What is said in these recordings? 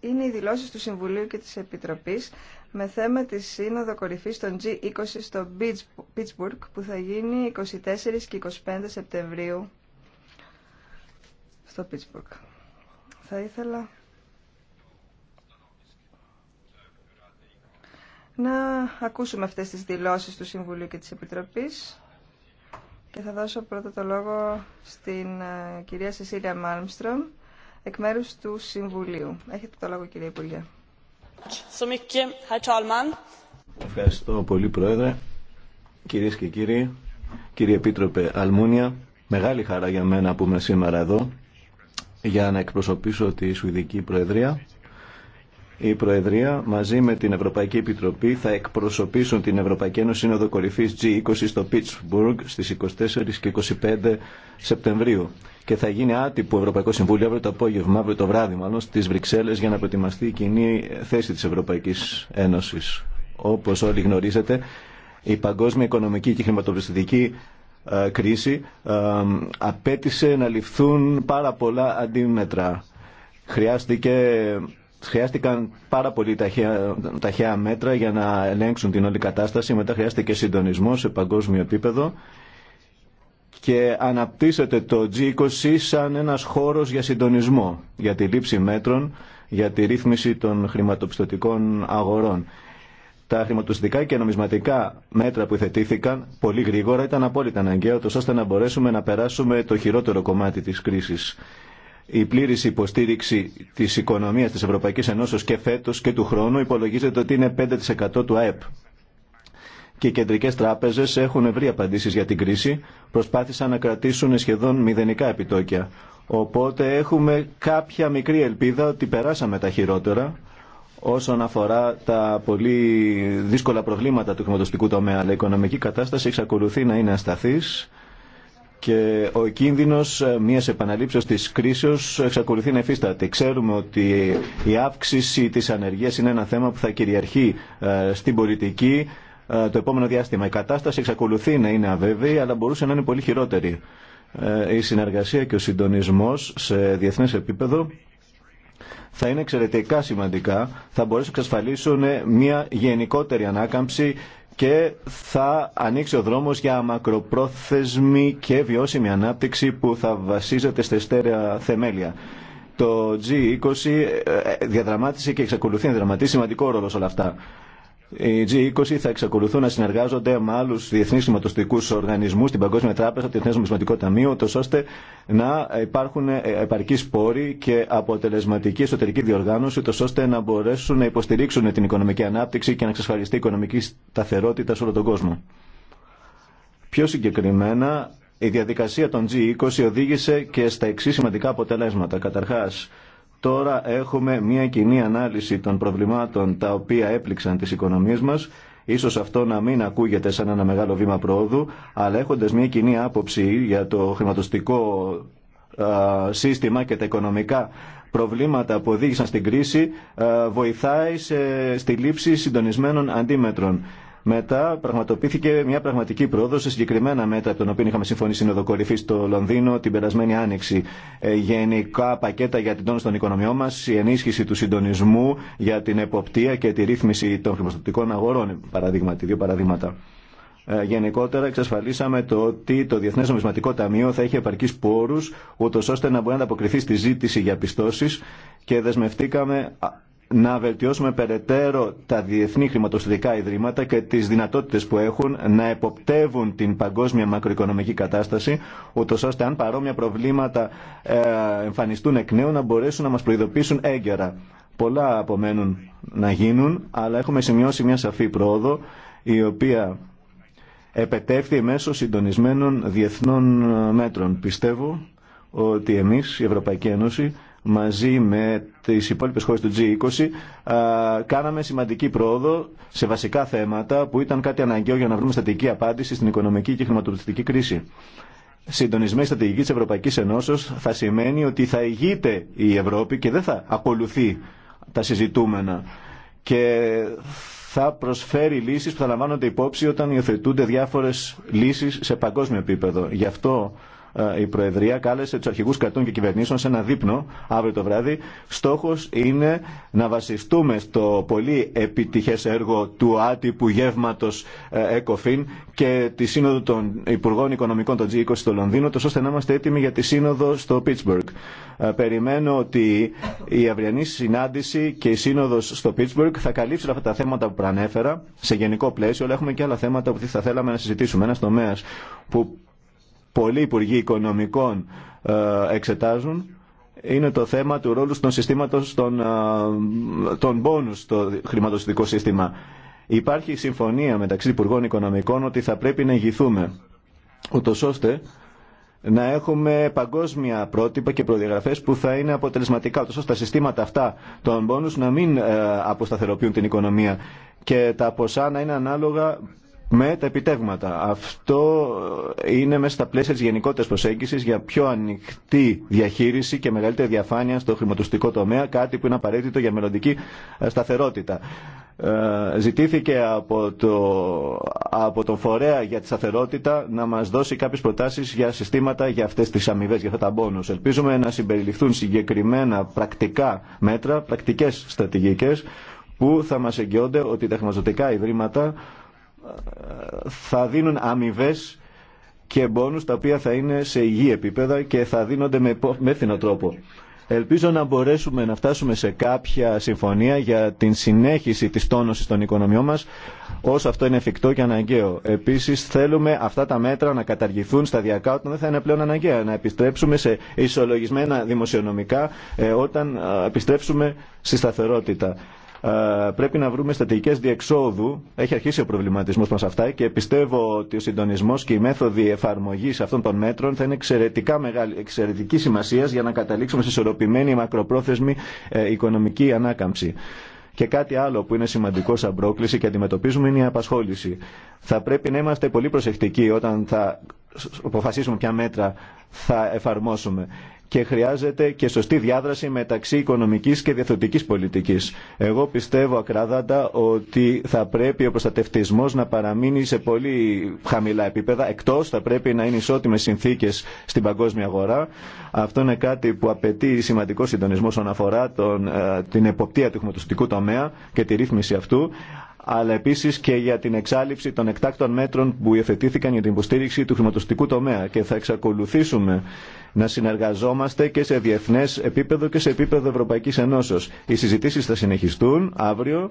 είναι οι δηλώσει του Συμβουλίου και της Επιτροπής με θέμα τη Σύνοδο κορυφή των G20 στο Πίτσμπουργκ που θα γίνει 24 και 25 Σεπτεμβρίου στο Πίτσμπουργκ. Θα ήθελα να ακούσουμε αυτές τις δηλώσεις του Συμβουλίου και της Επιτροπής και θα δώσω πρώτα το λόγο στην ε, κυρία Σεσίλια Μάλμστρομ εκ μέρους του Συμβουλίου. Έχετε το λόγο κύριε Υπουργέ. Ευχαριστώ πολύ Πρόεδρε, κυρίες και κύριοι, κύριε Επίτροπε Αλμούνια. Μεγάλη χαρά για μένα που είμαι σήμερα εδώ για να εκπροσωπήσω τη Σουηδική Προεδρία η Προεδρία μαζί με την Ευρωπαϊκή Επιτροπή θα εκπροσωπήσουν την Ευρωπαϊκή Ένωση Κορυφής G20 στο Pittsburgh στις 24 και 25 Σεπτεμβρίου και θα γίνει άτυπο Ευρωπαϊκό Συμβούλιο αύριο το απόγευμα, αύριο το βράδυ μάλλον, στις Βρυξέλλες για να προετοιμαστεί η κοινή θέση της Ευρωπαϊκής Ένωσης. Όπως όλοι γνωρίζετε, η παγκόσμια οικονομική και χρηματοπιστωτική ε, κρίση ε, απέτησε να ληφθούν πάρα πολλά αντίμετρα. Χρειάστηκε Χρειάστηκαν πάρα πολύ ταχαία, μέτρα για να ελέγξουν την όλη κατάσταση. Μετά χρειάστηκε συντονισμό σε παγκόσμιο επίπεδο και αναπτύσσεται το G20 σαν ένας χώρος για συντονισμό, για τη λήψη μέτρων, για τη ρύθμιση των χρηματοπιστωτικών αγορών. Τα χρηματοσυντικά και νομισματικά μέτρα που θετήθηκαν πολύ γρήγορα ήταν απόλυτα αναγκαία, ώστε να μπορέσουμε να περάσουμε το χειρότερο κομμάτι της κρίσης. Η πλήρης υποστήριξη της οικονομίας της Ευρωπαϊκής Ενώσεως και φέτος και του χρόνου υπολογίζεται ότι είναι 5% του ΑΕΠ. Και οι κεντρικές τράπεζες έχουν βρει απαντήσεις για την κρίση, προσπάθησαν να κρατήσουν σχεδόν μηδενικά επιτόκια. Οπότε έχουμε κάποια μικρή ελπίδα ότι περάσαμε τα χειρότερα όσον αφορά τα πολύ δύσκολα προβλήματα του χρηματοστικού τομέα. Αλλά η οικονομική κατάσταση εξακολουθεί να είναι ασταθής και ο κίνδυνος μιας επαναλήψεως της κρίσεως εξακολουθεί να εφίσταται. Ξέρουμε ότι η αύξηση της ανεργίας είναι ένα θέμα που θα κυριαρχεί ε, στην πολιτική ε, το επόμενο διάστημα. Η κατάσταση εξακολουθεί να είναι αβέβαιη αλλά μπορούσε να είναι πολύ χειρότερη. Ε, η συνεργασία και ο συντονισμός σε διεθνές επίπεδο θα είναι εξαιρετικά σημαντικά, θα μπορέσουν να εξασφαλίσουν μια γενικότερη ανάκαμψη και θα ανοίξει ο δρόμος για μακροπρόθεσμη και βιώσιμη ανάπτυξη που θα βασίζεται στα στέρεα θεμέλια. Το G20 ε, ε, διαδραμάτισε και εξακολουθεί να δραματίσει σημαντικό ρόλο σε όλα αυτά. Οι G20 θα εξακολουθούν να συνεργάζονται με άλλου διεθνεί χρηματοστικού οργανισμού, την Παγκόσμια Τράπεζα, το Διεθνέ Νομισματικό Ταμείο, ώστε να υπάρχουν ε, επαρκεί πόροι και αποτελεσματική εσωτερική διοργάνωση, ώστε να μπορέσουν να υποστηρίξουν την οικονομική ανάπτυξη και να εξασφαλιστεί η οικονομική σταθερότητα σε όλο τον κόσμο. Πιο συγκεκριμένα, η διαδικασία των G20 οδήγησε και στα εξή σημαντικά αποτελέσματα. Καταρχά. Τώρα έχουμε μια κοινή ανάλυση των προβλημάτων τα οποία έπληξαν τις οικονομίες μας. Ίσως αυτό να μην ακούγεται σαν ένα μεγάλο βήμα πρόοδου, αλλά έχοντας μια κοινή άποψη για το χρηματοστικό σύστημα και τα οικονομικά προβλήματα που οδήγησαν στην κρίση βοηθάει στη λήψη συντονισμένων αντίμετρων. Μετά πραγματοποιήθηκε μια πραγματική πρόοδο σε συγκεκριμένα μέτρα από τον οποίο είχαμε συμφωνήσει στην Οδοκορυφή στο Λονδίνο την περασμένη άνοιξη. Ε, γενικά πακέτα για την τόνωση των οικονομιών μα, η ενίσχυση του συντονισμού για την εποπτεία και τη ρύθμιση των χρηματοδοτικών αγορών, παραδείγματι, δύο παραδείγματα. Ε, γενικότερα εξασφαλίσαμε το ότι το Διεθνές Νομισματικό Ταμείο θα έχει επαρκείς πόρους ούτως ώστε να μπορεί να ανταποκριθεί στη ζήτηση για πιστώσεις και δεσμευτήκαμε να βελτιώσουμε περαιτέρω τα διεθνή χρηματοστατικά ιδρύματα και τις δυνατότητες που έχουν να εποπτεύουν την παγκόσμια μακροοικονομική κατάσταση, ούτως ώστε αν παρόμοια προβλήματα ε, εμφανιστούν εκ νέου να μπορέσουν να μας προειδοποιήσουν έγκαιρα. Πολλά απομένουν να γίνουν, αλλά έχουμε σημειώσει μια σαφή πρόοδο, η οποία επετεύχθη μέσω συντονισμένων διεθνών μέτρων. Πιστεύω ότι εμείς, η Ευρωπαϊκή Ένωση, μαζί με τις υπόλοιπες χώρες του G20 κάναμε σημαντική πρόοδο σε βασικά θέματα που ήταν κάτι αναγκαίο για να βρούμε στατική απάντηση στην οικονομική και χρηματοπιστική κρίση. Συντονισμένη στρατηγική της Ευρωπαϊκής Ενώσεως θα σημαίνει ότι θα ηγείται η Ευρώπη και δεν θα ακολουθεί τα συζητούμενα και θα προσφέρει λύσεις που θα λαμβάνονται υπόψη όταν υιοθετούνται διάφορες λύσεις σε παγκόσμιο επίπεδο. Γι' αυτό ε, η Προεδρία κάλεσε του αρχηγού κρατών και κυβερνήσεων σε ένα δείπνο αύριο το βράδυ. Στόχο είναι να βασιστούμε στο πολύ επιτυχέ έργο του άτυπου γεύματο ε, ΕΚΟΦΗΝ και τη Σύνοδο των Υπουργών Οικονομικών των G20 στο Λονδίνο, τόσο ώστε να είμαστε έτοιμοι για τη Σύνοδο στο Πίτσμπουργκ. Ε, περιμένω ότι η αυριανή συνάντηση και η Σύνοδο στο Πίτσμπουργκ θα καλύψουν αυτά τα θέματα που προανέφερα σε γενικό πλαίσιο, αλλά έχουμε και άλλα θέματα που θα θέλαμε να συζητήσουμε. Ένα τομέα που πολλοί υπουργοί οικονομικών ε, εξετάζουν είναι το θέμα του ρόλου των συστήματος των, ε, των πόνους στο χρηματοσυντικό σύστημα. Υπάρχει συμφωνία μεταξύ Υπουργών Οικονομικών ότι θα πρέπει να ηγηθούμε, ούτω ώστε να έχουμε παγκόσμια πρότυπα και προδιαγραφές που θα είναι αποτελεσματικά, ούτως ώστε τα συστήματα αυτά των πόνους να μην ε, αποσταθεροποιούν την οικονομία και τα ποσά να είναι ανάλογα με τα επιτεύγματα. Αυτό είναι μέσα στα πλαίσια της γενικότερη προσέγγισης για πιο ανοιχτή διαχείριση και μεγαλύτερη διαφάνεια στο χρηματοστικό τομέα, κάτι που είναι απαραίτητο για μελλοντική ε, σταθερότητα. Ε, ζητήθηκε από, το, από τον φορέα για τη σταθερότητα να μας δώσει κάποιες προτάσεις για συστήματα για αυτές τις αμοιβέ, για αυτά τα μπόνους. Ελπίζουμε να συμπεριληφθούν συγκεκριμένα πρακτικά μέτρα, πρακτικές στρατηγικές που θα μας εγγυώνται ότι τα χρηματοδοτικά ιδρύματα θα δίνουν αμοιβέ και μπόνους τα οποία θα είναι σε υγιή επίπεδα και θα δίνονται με έθινο τρόπο. Ελπίζω να μπορέσουμε να φτάσουμε σε κάποια συμφωνία για την συνέχιση της τόνωσης των οικονομιών μας όσο αυτό είναι εφικτό και αναγκαίο. Επίσης θέλουμε αυτά τα μέτρα να καταργηθούν σταδιακά όταν δεν θα είναι πλέον αναγκαία. Να επιστρέψουμε σε ισολογισμένα δημοσιονομικά ε, όταν ε, επιστρέψουμε στη σταθερότητα. Ε, πρέπει να βρούμε στρατηγικέ διεξόδου. Έχει αρχίσει ο προβληματισμό μα αυτά και πιστεύω ότι ο συντονισμό και η μέθοδοι εφαρμογή αυτών των μέτρων θα είναι εξαιρετικά μεγάλη, εξαιρετική σημασία για να καταλήξουμε σε ισορροπημένη μακροπρόθεσμη ε, οικονομική ανάκαμψη. Και κάτι άλλο που είναι σημαντικό σαν πρόκληση και αντιμετωπίζουμε είναι η απασχόληση. Θα πρέπει να είμαστε πολύ προσεκτικοί όταν θα αποφασίσουμε ποια μέτρα θα εφαρμόσουμε και χρειάζεται και σωστή διάδραση μεταξύ οικονομικής και διαθωτικής πολιτικής. Εγώ πιστεύω ακράδαντα ότι θα πρέπει ο προστατευτισμός να παραμείνει σε πολύ χαμηλά επίπεδα, εκτός θα πρέπει να είναι ισότιμες συνθήκες στην παγκόσμια αγορά. Αυτό είναι κάτι που απαιτεί σημαντικό συντονισμό όσον αφορά τον, ε, την εποπτεία του χρηματοστικού τομέα και τη ρύθμιση αυτού αλλά επίση και για την εξάλληψη των εκτάκτων μέτρων που υιοθετήθηκαν για την υποστήριξη του χρηματοστικού τομέα. Και θα εξακολουθήσουμε να συνεργαζόμαστε και σε διεθνέ επίπεδο και σε επίπεδο Ευρωπαϊκή Ενώσεω. Οι συζητήσει θα συνεχιστούν αύριο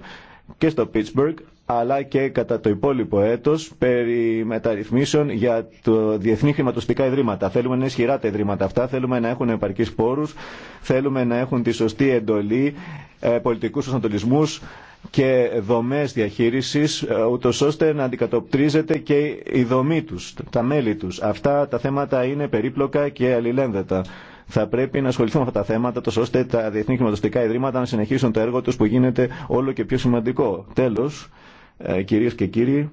και στο Pittsburgh, αλλά και κατά το υπόλοιπο έτος περί μεταρρυθμίσεων για το διεθνή χρηματοστικά ιδρύματα. Θέλουμε να είναι ισχυρά τα ιδρύματα αυτά, θέλουμε να έχουν επαρκεί πόρου, θέλουμε να έχουν τη σωστή εντολή, ε, πολιτικούς και δομές διαχείρισης ε, ούτως ώστε να αντικατοπτρίζεται και η δομή τους, τα μέλη τους. Αυτά τα θέματα είναι περίπλοκα και αλληλένδετα. Θα πρέπει να ασχοληθούμε με αυτά τα θέματα τόσο ώστε τα διεθνή χρηματοστικά ιδρύματα να συνεχίσουν το έργο τους που γίνεται όλο και πιο σημαντικό. Τέλος, ε, κυρίες και κύριοι,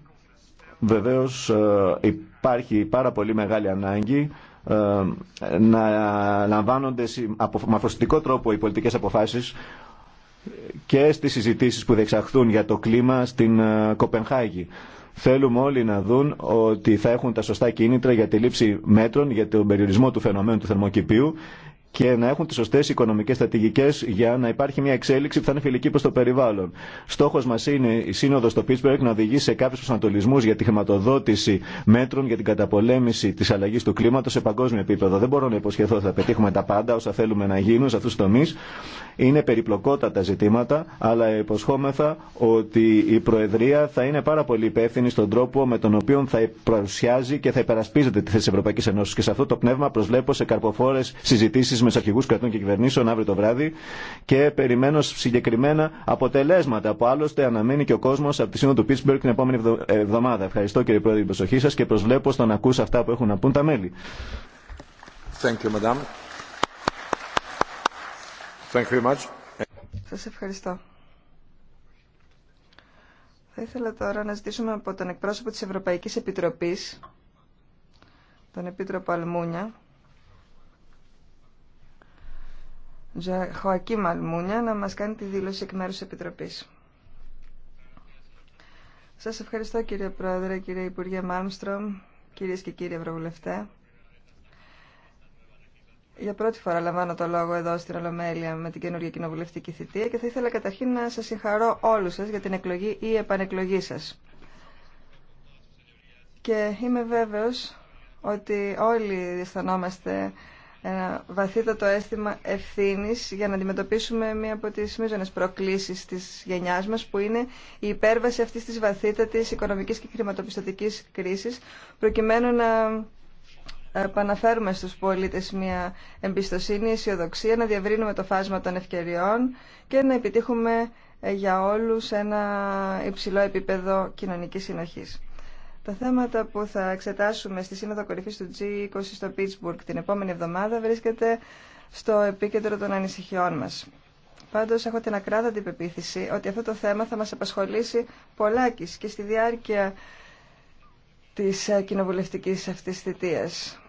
βεβαίως ε, υπάρχει πάρα πολύ μεγάλη ανάγκη να λαμβάνονται με τρόπο οι πολιτικές αποφάσεις και στις συζητήσεις που δεξαχθούν για το κλίμα στην ε, Κοπενχάγη. Θέλουμε όλοι να δουν ότι θα έχουν τα σωστά κίνητρα για τη λήψη μέτρων, για τον περιορισμό του φαινομένου του θερμοκηπίου και να έχουν τι σωστέ οικονομικέ στρατηγικέ για να υπάρχει μια εξέλιξη που θα είναι φιλική προ το περιβάλλον. Στόχο μα είναι η σύνοδο στο Πίτσπεργκ να οδηγήσει σε κάποιου προσανατολισμού για τη χρηματοδότηση μέτρων για την καταπολέμηση τη αλλαγή του κλίματο σε παγκόσμιο επίπεδο. Δεν μπορώ να υποσχεθώ ότι θα πετύχουμε τα πάντα όσα θέλουμε να γίνουν σε αυτού του τομεί. Είναι περιπλοκότατα ζητήματα, αλλά υποσχόμεθα ότι η Προεδρία θα είναι πάρα πολύ υπεύθυνη στον τρόπο με τον οποίο θα παρουσιάζει και θα υπερασπίζεται τη θέση Ευρωπαϊκή Ενώση. Και σε αυτό το πνεύμα προσβλέπω σε καρποφόρε συζητήσει με του αρχηγού κρατών και κυβερνήσεων αύριο το βράδυ και περιμένω συγκεκριμένα αποτελέσματα που άλλωστε αναμένει και ο κόσμο από τη Σύνοδο του Πίτσμπεργκ την επόμενη ε, εβδομάδα. Ευχαριστώ κύριε Πρόεδρε την προσοχή σα και προσβλέπω στο να ακούσω αυτά που έχουν να πούν τα μέλη. Thank you, madam. Thank you very much. Σας ευχαριστώ. Θα ήθελα τώρα να ζητήσουμε από τον εκπρόσωπο της Ευρωπαϊκής Επιτροπής, τον Επίτροπο Αλμούνια, Ζωακή Μαλμούνια να μας κάνει τη δήλωση εκ μέρους της Επιτροπής. Σας ευχαριστώ κύριε Πρόεδρε, κύριε Υπουργέ Μάλμστρομ, κυρίες και κύριοι Ευρωβουλευτέ. Για πρώτη φορά λαμβάνω το λόγο εδώ στην Ολομέλεια με την καινούργια κοινοβουλευτική θητεία και θα ήθελα καταρχήν να σας συγχαρώ όλους σας για την εκλογή ή επανεκλογή σας. Και είμαι βέβαιος ότι όλοι αισθανόμαστε ένα ε, βαθύτατο αίσθημα ευθύνης για να αντιμετωπίσουμε μία από τις μείζονε προκλήσεις της γενιάς μας που είναι η υπέρβαση αυτής της βαθύτατης οικονομικής και χρηματοπιστωτικής κρίσης προκειμένου να επαναφέρουμε στους πολίτες μια εμπιστοσύνη, αισιοδοξία, να διαβρύνουμε το φάσμα των ευκαιριών και να επιτύχουμε ε, για όλους ένα υψηλό επίπεδο κοινωνικής συνοχής. Τα θέματα που θα εξετάσουμε στη Σύνοδο Κορυφής του G20 στο Πίτσμπουργκ την επόμενη εβδομάδα βρίσκεται στο επίκεντρο των ανησυχιών μας. Πάντως έχω την ακράδαντη πεποίθηση ότι αυτό το θέμα θα μας απασχολήσει πολλάκις και στη διάρκεια της ε, κοινοβουλευτικής αυτής θητείας.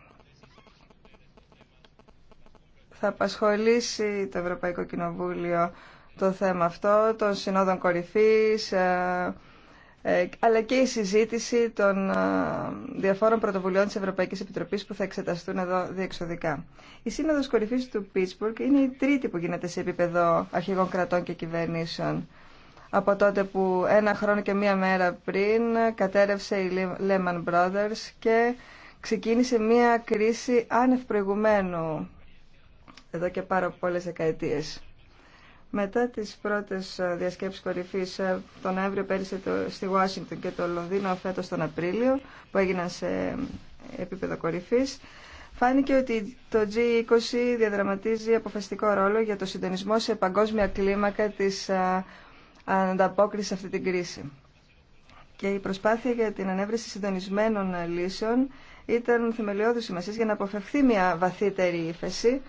Θα απασχολήσει το Ευρωπαϊκό Κοινοβούλιο το θέμα αυτό των συνόδων κορυφής, ε, ε, αλλά και η συζήτηση των ε, διαφόρων πρωτοβουλειών της Ευρωπαϊκής Επιτροπής που θα εξεταστούν εδώ διεξοδικά. Η Σύνοδος Κορυφής του Πίτσμπουργκ είναι η τρίτη που γίνεται σε επίπεδο αρχηγών κρατών και κυβερνήσεων από τότε που ένα χρόνο και μία μέρα πριν κατέρευσε η Lehman Brothers και ξεκίνησε μία κρίση άνευ προηγουμένου εδώ και πάρα πολλές δεκαετίες. Μετά τις πρώτες ε, διασκέψεις κορυφής ε, τον Νοέμβριο πέρυσι στη Ουάσιγκτον και το Λονδίνο φέτος τον Απρίλιο που έγιναν σε ε, επίπεδο κορυφής φάνηκε ότι το G20 διαδραματίζει αποφασιστικό ρόλο για το συντονισμό σε παγκόσμια κλίμακα της ανταπόκρισης σε αυτή την κρίση. Και η προσπάθεια για την ανέβρεση συντονισμένων λύσεων ήταν θεμελιώδης σημασία για να αποφευθεί μια βαθύτερη ύφεση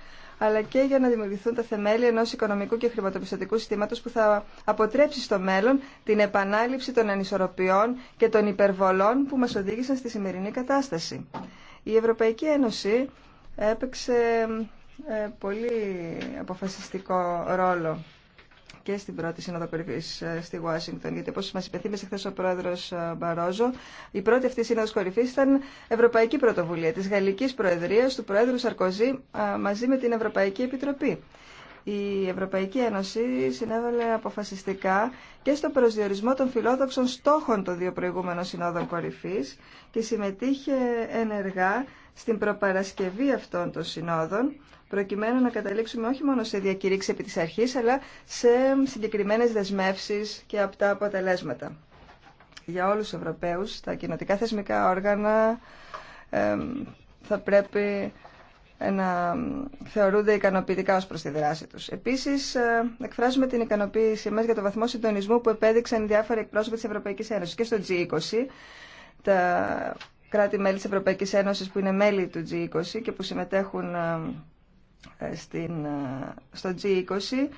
αλλά και για να δημιουργηθούν τα θεμέλια ενός οικονομικού και χρηματοπιστωτικού συστήματος που θα αποτρέψει στο μέλλον την επανάληψη των ανισορροπιών και των υπερβολών που μας οδήγησαν στη σημερινή κατάσταση. Η Ευρωπαϊκή Ένωση έπαιξε ε, πολύ αποφασιστικό ρόλο και στην πρώτη Σύνοδο Κορυφή ε, στη Ουάσιγκτον. Γιατί, όπω μα υπενθύμησε χθε ο πρόεδρο ε, Μπαρόζο, η πρώτη αυτή Σύνοδο Κορυφή ήταν Ευρωπαϊκή Πρωτοβουλία τη Γαλλική Προεδρία του Προέδρου Σαρκοζή ε, μαζί με την Ευρωπαϊκή Επιτροπή. Η Ευρωπαϊκή Ένωση συνέβαλε αποφασιστικά και στο προσδιορισμό των φιλόδοξων στόχων των δύο προηγούμενων συνόδων κορυφή και συμμετείχε ενεργά στην προπαρασκευή αυτών των συνόδων προκειμένου να καταλήξουμε όχι μόνο σε διακηρύξει επί της αρχής, αλλά σε συγκεκριμένες δεσμεύσεις και απτά αποτελέσματα. Για όλους τους Ευρωπαίους, τα κοινοτικά θεσμικά όργανα θα πρέπει να θεωρούνται ικανοποιητικά ως προς τη δράση τους. Επίσης, ε, εκφράζουμε την ικανοποίησή μας για το βαθμό συντονισμού που επέδειξαν οι διάφοροι εκπρόσωποι της Ευρωπαϊκής Ένωσης και στο G20, τα κράτη-μέλη της Ευρωπαϊκής Ένωσης που είναι μέλη του G20 και που συμμετέχουν ε, ε, στην, ε, στο G20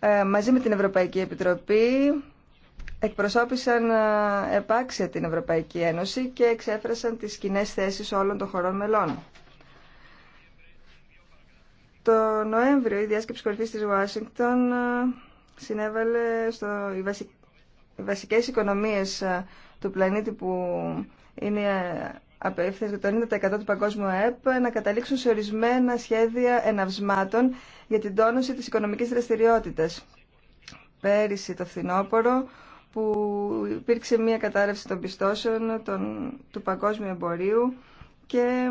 ε, μαζί με την Ευρωπαϊκή Επιτροπή εκπροσώπησαν επάξια την Ευρωπαϊκή Ένωση και εξέφρασαν τις κοινέ θέσεις όλων των χωρών μελών. Το Νοέμβριο η διάσκεψη κορυφής της Ουάσιγκτον συνέβαλε στο, οι, οι βασικές οικονομίες του πλανήτη που είναι απευθύνεται το 90% του παγκόσμιου ΑΕΠ να καταλήξουν σε ορισμένα σχέδια εναυσμάτων για την τόνωση της οικονομικής δραστηριότητας. Πέρυσι το φθινόπωρο που υπήρξε μια κατάρρευση των πιστώσεων των, του παγκόσμιου εμπορίου και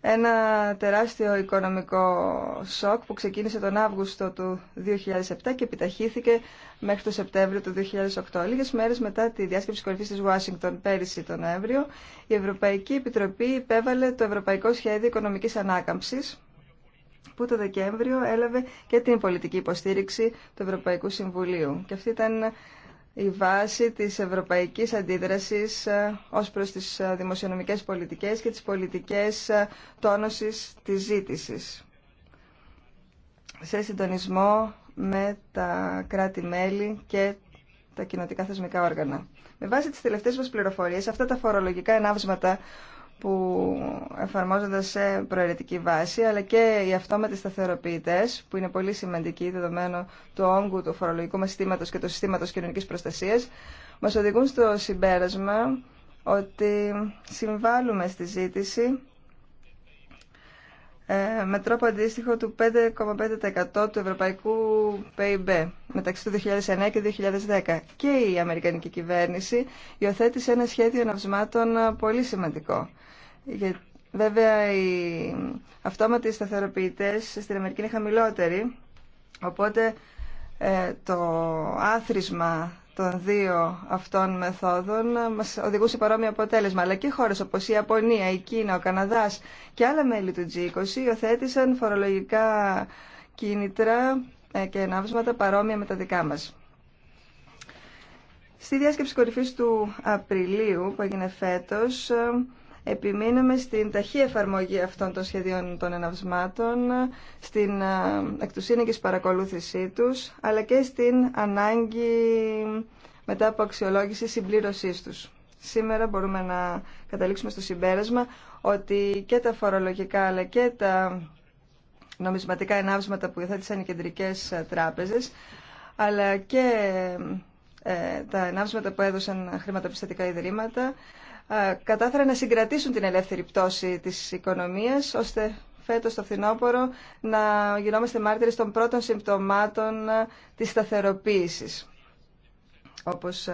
ένα τεράστιο οικονομικό σοκ που ξεκίνησε τον Αύγουστο του 2007 και επιταχύθηκε μέχρι το Σεπτέμβριο του 2008. Λίγες μέρες μετά τη διάσκεψη κορυφής της Ουάσιγκτον πέρυσι τον Νοέμβριο, η Ευρωπαϊκή Επιτροπή υπέβαλε το Ευρωπαϊκό Σχέδιο Οικονομικής Ανάκαμψης που το Δεκέμβριο έλαβε και την πολιτική υποστήριξη του Ευρωπαϊκού Συμβουλίου. Και αυτή ήταν η βάση της ευρωπαϊκής αντίδρασης ε, ως προς τις ε, δημοσιονομικές πολιτικές και τις πολιτικές ε, τόνωσης της ζήτησης. Σε συντονισμό με τα κράτη-μέλη και τα κοινοτικά θεσμικά όργανα. Με βάση τις τελευταίες μας πληροφορίες, αυτά τα φορολογικά ενάβσματα που εφαρμόζονται σε προαιρετική βάση, αλλά και οι αυτόματοι σταθεροποιητέ, που είναι πολύ σημαντικοί δεδομένου του όγκου του φορολογικού μα συστήματο και του συστήματο κοινωνική προστασία, μα οδηγούν στο συμπέρασμα ότι συμβάλλουμε στη ζήτηση ε, με τρόπο αντίστοιχο του 5,5% του ευρωπαϊκού PIB μεταξύ του 2009 και 2010. Και η Αμερικανική κυβέρνηση υιοθέτησε ένα σχέδιο ναυσμάτων πολύ σημαντικό. Βέβαια, οι αυτόματοι σταθεροποιητές στην Αμερική είναι χαμηλότεροι, οπότε ε, το άθροισμα των δύο αυτών μεθόδων μας οδηγούσε παρόμοιο αποτέλεσμα. Αλλά και χώρες όπως η Ιαπωνία, η Κίνα, ο Καναδάς και άλλα μέλη του G20 υιοθέτησαν φορολογικά κίνητρα ε, και ενάβσματα παρόμοια με τα δικά μας. Στη διάσκεψη κορυφής του Απριλίου που έγινε φέτος, επιμείνουμε στην ταχύ εφαρμογή αυτών των σχεδίων των εναυσμάτων, στην εκτουσίνικης παρακολούθησή τους, αλλά και στην ανάγκη μετά από αξιολόγηση συμπλήρωσή τους. Σήμερα μπορούμε να καταλήξουμε στο συμπέρασμα ότι και τα φορολογικά αλλά και τα νομισματικά ενάψματα που υιοθέτησαν οι κεντρικές ε, τράπεζες αλλά και ε, τα ενάψματα που έδωσαν χρηματοπιστωτικά ιδρύματα κατάφεραν να συγκρατήσουν την ελεύθερη πτώση της οικονομίας, ώστε φέτος το φθινόπωρο να γινόμαστε μάρτυρες των πρώτων συμπτωμάτων της σταθεροποίησης. Όπως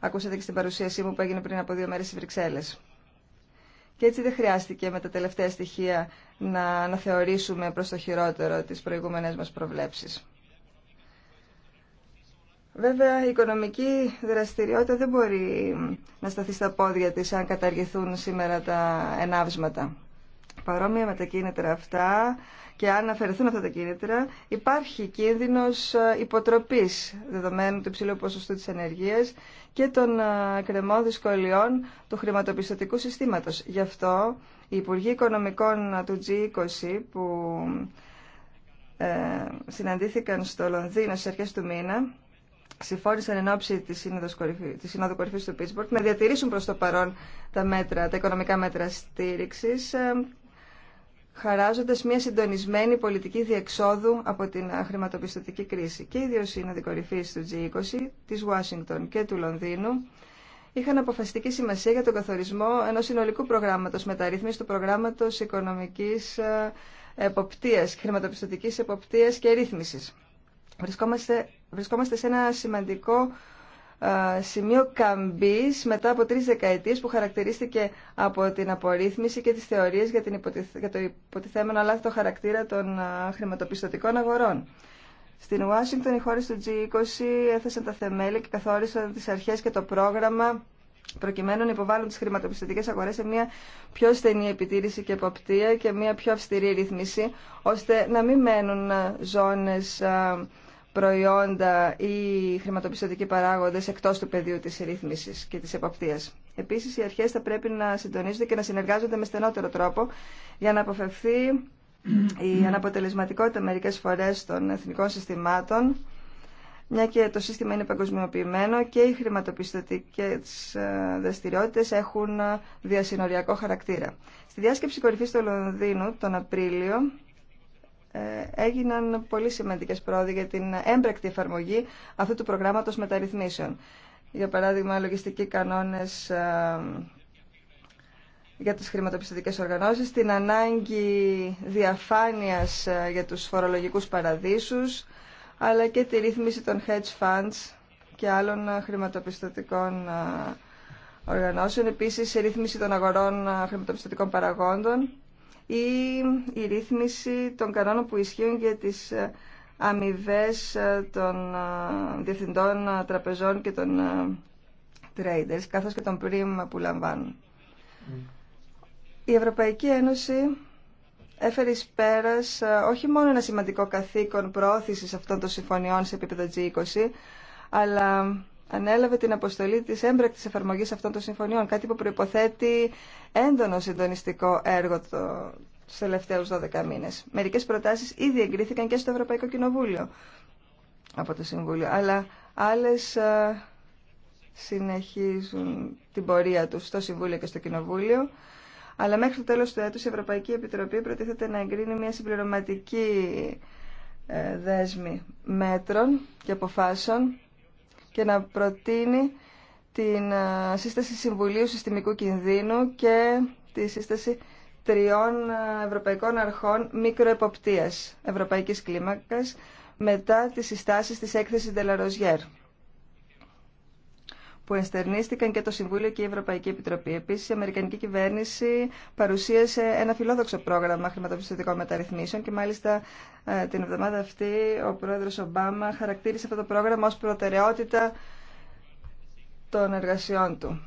ακούσατε και στην παρουσίασή μου που έγινε πριν από δύο μέρες στις Βρυξέλλες. Και έτσι δεν χρειάστηκε με τα τελευταία στοιχεία να αναθεωρήσουμε προς το χειρότερο τις προηγούμενες μας προβλέψεις. Βέβαια, η οικονομική δραστηριότητα δεν μπορεί να σταθεί στα πόδια της αν καταργηθούν σήμερα τα ενάβσματα. Παρόμοια με τα κίνητρα αυτά και αν αφαιρεθούν αυτά τα κίνητρα, υπάρχει κίνδυνος ε, υποτροπής δεδομένου του υψηλού ποσοστού της ενεργείας και των ε, κρεμών δυσκολιών του χρηματοπιστωτικού συστήματος. Γι' αυτό οι Υπουργοί Οικονομικών ε, του G20 που συναντήθηκαν στο Λονδίνο στις αρχές του μήνα συμφώνησαν εν ώψη τη Συνόδου Κορυφή του Πίτσμπορκ να διατηρήσουν προ το παρόν τα, μέτρα, τα οικονομικά μέτρα στήριξη, ε, χαράζοντα μια συντονισμένη πολιτική διεξόδου από την χρηματοπιστωτική κρίση. Και οι δύο σύνοδοι κορυφή του G20, της Ουάσιγκτον και του Λονδίνου, είχαν αποφασιστική σημασία για τον καθορισμό ενός συνολικού προγράμματος μεταρρύθμισης του προγράμματος οικονομικής ε, εποπτείας, χρηματοπιστωτικής εποπτείας και ρύθμισης βρισκόμαστε, βρισκόμαστε σε ένα σημαντικό σημείο καμπής μετά από τρεις δεκαετίες που χαρακτηρίστηκε από την απορρίθμιση και τις θεωρίες για, την για το υποτιθέμενο το χαρακτήρα των χρηματοπιστωτικών αγορών. Στην Ουάσιγκτον οι χώρες του G20 έθεσαν τα θεμέλια και καθόρισαν τις αρχές και το πρόγραμμα προκειμένου να υποβάλουν τις χρηματοπιστωτικές αγορές σε μια πιο στενή επιτήρηση και εποπτεία και μια πιο αυστηρή ρύθμιση, ώστε να μην μένουν ζώνες προϊόντα ή χρηματοπιστωτικοί παράγοντες εκτός του πεδίου της ρύθμισης και της εποπτείας. Επίσης, οι αρχές θα πρέπει να συντονίζονται και να συνεργάζονται με στενότερο τρόπο για να αποφευθεί η αναποτελεσματικότητα μερικές φορές των εθνικών συστημάτων μια και το σύστημα είναι παγκοσμιοποιημένο και οι χρηματοπιστωτικές ε, δραστηριότητε έχουν διασυνοριακό χαρακτήρα. Στη διάσκεψη κορυφής του Λονδίνου τον Απρίλιο ε, έγιναν πολύ σημαντικές πρόοδοι για την έμπρακτη εφαρμογή αυτού του προγράμματος μεταρρυθμίσεων. Για παράδειγμα, λογιστικοί κανόνες ε, για τις χρηματοπιστωτικές οργανώσεις, την ανάγκη διαφάνειας ε, για τους φορολογικούς παραδείσους, αλλά και τη ρύθμιση των hedge funds και άλλων χρηματοπιστωτικών οργανώσεων, επίσης η ρύθμιση των αγορών χρηματοπιστωτικών παραγόντων ή η ρύθμιση των κανόνων που ισχύουν για τις ε, αμοιβέ ε, των ε, διευθυντών τραπεζών και των traders, καθώς και των πρίμα που λαμβάνουν. Η Ευρωπαϊκή Ένωση έφερε εις πέρας όχι μόνο ένα σημαντικό καθήκον προώθησης αυτών των συμφωνιών σε επίπεδο G20, αλλά ανέλαβε την αποστολή της έμπρακτης εφαρμογής αυτών των συμφωνιών, κάτι που προϋποθέτει έντονο συντονιστικό έργο το, τους τελευταίους 12 μήνες. Μερικές προτάσεις ήδη εγκρίθηκαν και στο Ευρωπαϊκό Κοινοβούλιο από το Συμβούλιο, αλλά άλλες ε, συνεχίζουν την πορεία τους στο Συμβούλιο και στο Κοινοβούλιο. Αλλά μέχρι το τέλος του έτους η Ευρωπαϊκή Επιτροπή προτίθεται να εγκρίνει μια συμπληρωματική ε, δέσμη μέτρων και αποφάσεων και να προτείνει την ε, σύσταση Συμβουλίου Συστημικού Κινδύνου και τη σύσταση τριών ε, ευρωπαϊκών αρχών μικροεποπτείας ευρωπαϊκής κλίμακας μετά τις συστάσεις της έκθεσης Ντελαροζιέρ που ενστερνίστηκαν και το Συμβούλιο και η Ευρωπαϊκή Επιτροπή. Επίση, η Αμερικανική κυβέρνηση παρουσίασε ένα φιλόδοξο πρόγραμμα χρηματοπιστωτικών μεταρρυθμίσεων και μάλιστα ε, την εβδομάδα αυτή ο πρόεδρο Ομπάμα χαρακτήρισε αυτό το πρόγραμμα ω προτεραιότητα των εργασιών του.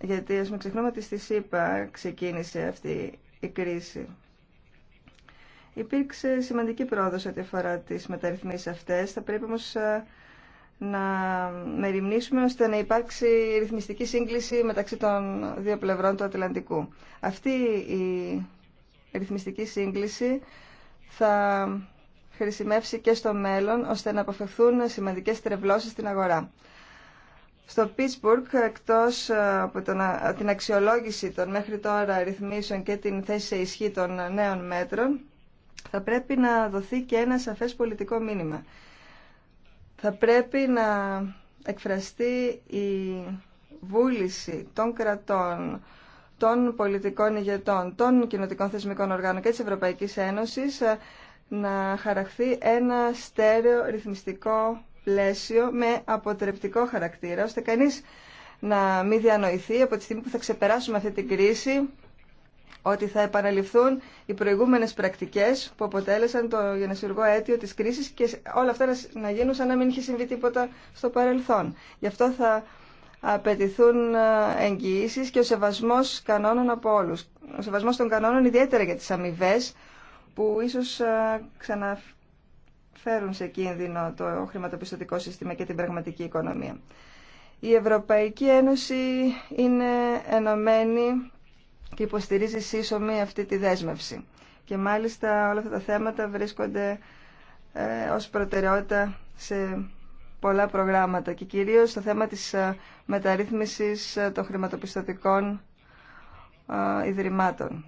Γιατί α μην ξεχνούμε ότι στη ΣΥΠΑ ξεκίνησε αυτή η κρίση. Υπήρξε σημαντική πρόοδο ό,τι αφορά τι μεταρρυθμίσει αυτέ. Θα πρέπει όμω. Ε, να μεριμνήσουμε ώστε να υπάρξει ρυθμιστική σύγκληση μεταξύ των δύο πλευρών του Ατλαντικού. Αυτή η ρυθμιστική σύγκληση θα χρησιμεύσει και στο μέλλον ώστε να αποφευθούν σημαντικές τρευλώσεις στην αγορά. Στο Pittsburgh, εκτός ε, από την αξιολόγηση των μέχρι τώρα ρυθμίσεων και την θέση σε ισχύ των νέων μέτρων, θα πρέπει να δοθεί και ένα σαφές πολιτικό μήνυμα θα πρέπει να εκφραστεί η βούληση των κρατών, των πολιτικών ηγετών, των κοινοτικών θεσμικών οργάνων και της Ευρωπαϊκής Ένωσης ε, να χαραχθεί ένα στέρεο ρυθμιστικό πλαίσιο με αποτρεπτικό χαρακτήρα, ώστε κανείς να μην διανοηθεί από τη στιγμή που θα ξεπεράσουμε αυτή την κρίση ότι θα επαναληφθούν οι προηγούμενες πρακτικές που αποτέλεσαν το γενεσιουργό αίτιο της κρίσης και όλα αυτά να γίνουν σαν να μην είχε συμβεί τίποτα στο παρελθόν. Γι' αυτό θα απαιτηθούν ε, εγγυήσει και ο σεβασμός κανόνων από όλου. Ο σεβασμός των κανόνων ιδιαίτερα για τις αμοιβέ που ίσως ε, ξαναφέρουν σε κίνδυνο το χρηματοπιστωτικό σύστημα και την πραγματική οικονομία. Η Ευρωπαϊκή Ένωση είναι ενωμένη και υποστηρίζει σύσσωμη αυτή τη δέσμευση. Και μάλιστα όλα αυτά τα θέματα βρίσκονται ε, ως προτεραιότητα σε πολλά προγράμματα και κυρίως στο θέμα της ε, μεταρρύθμισης ε, των χρηματοπιστωτικών ε, ιδρυμάτων.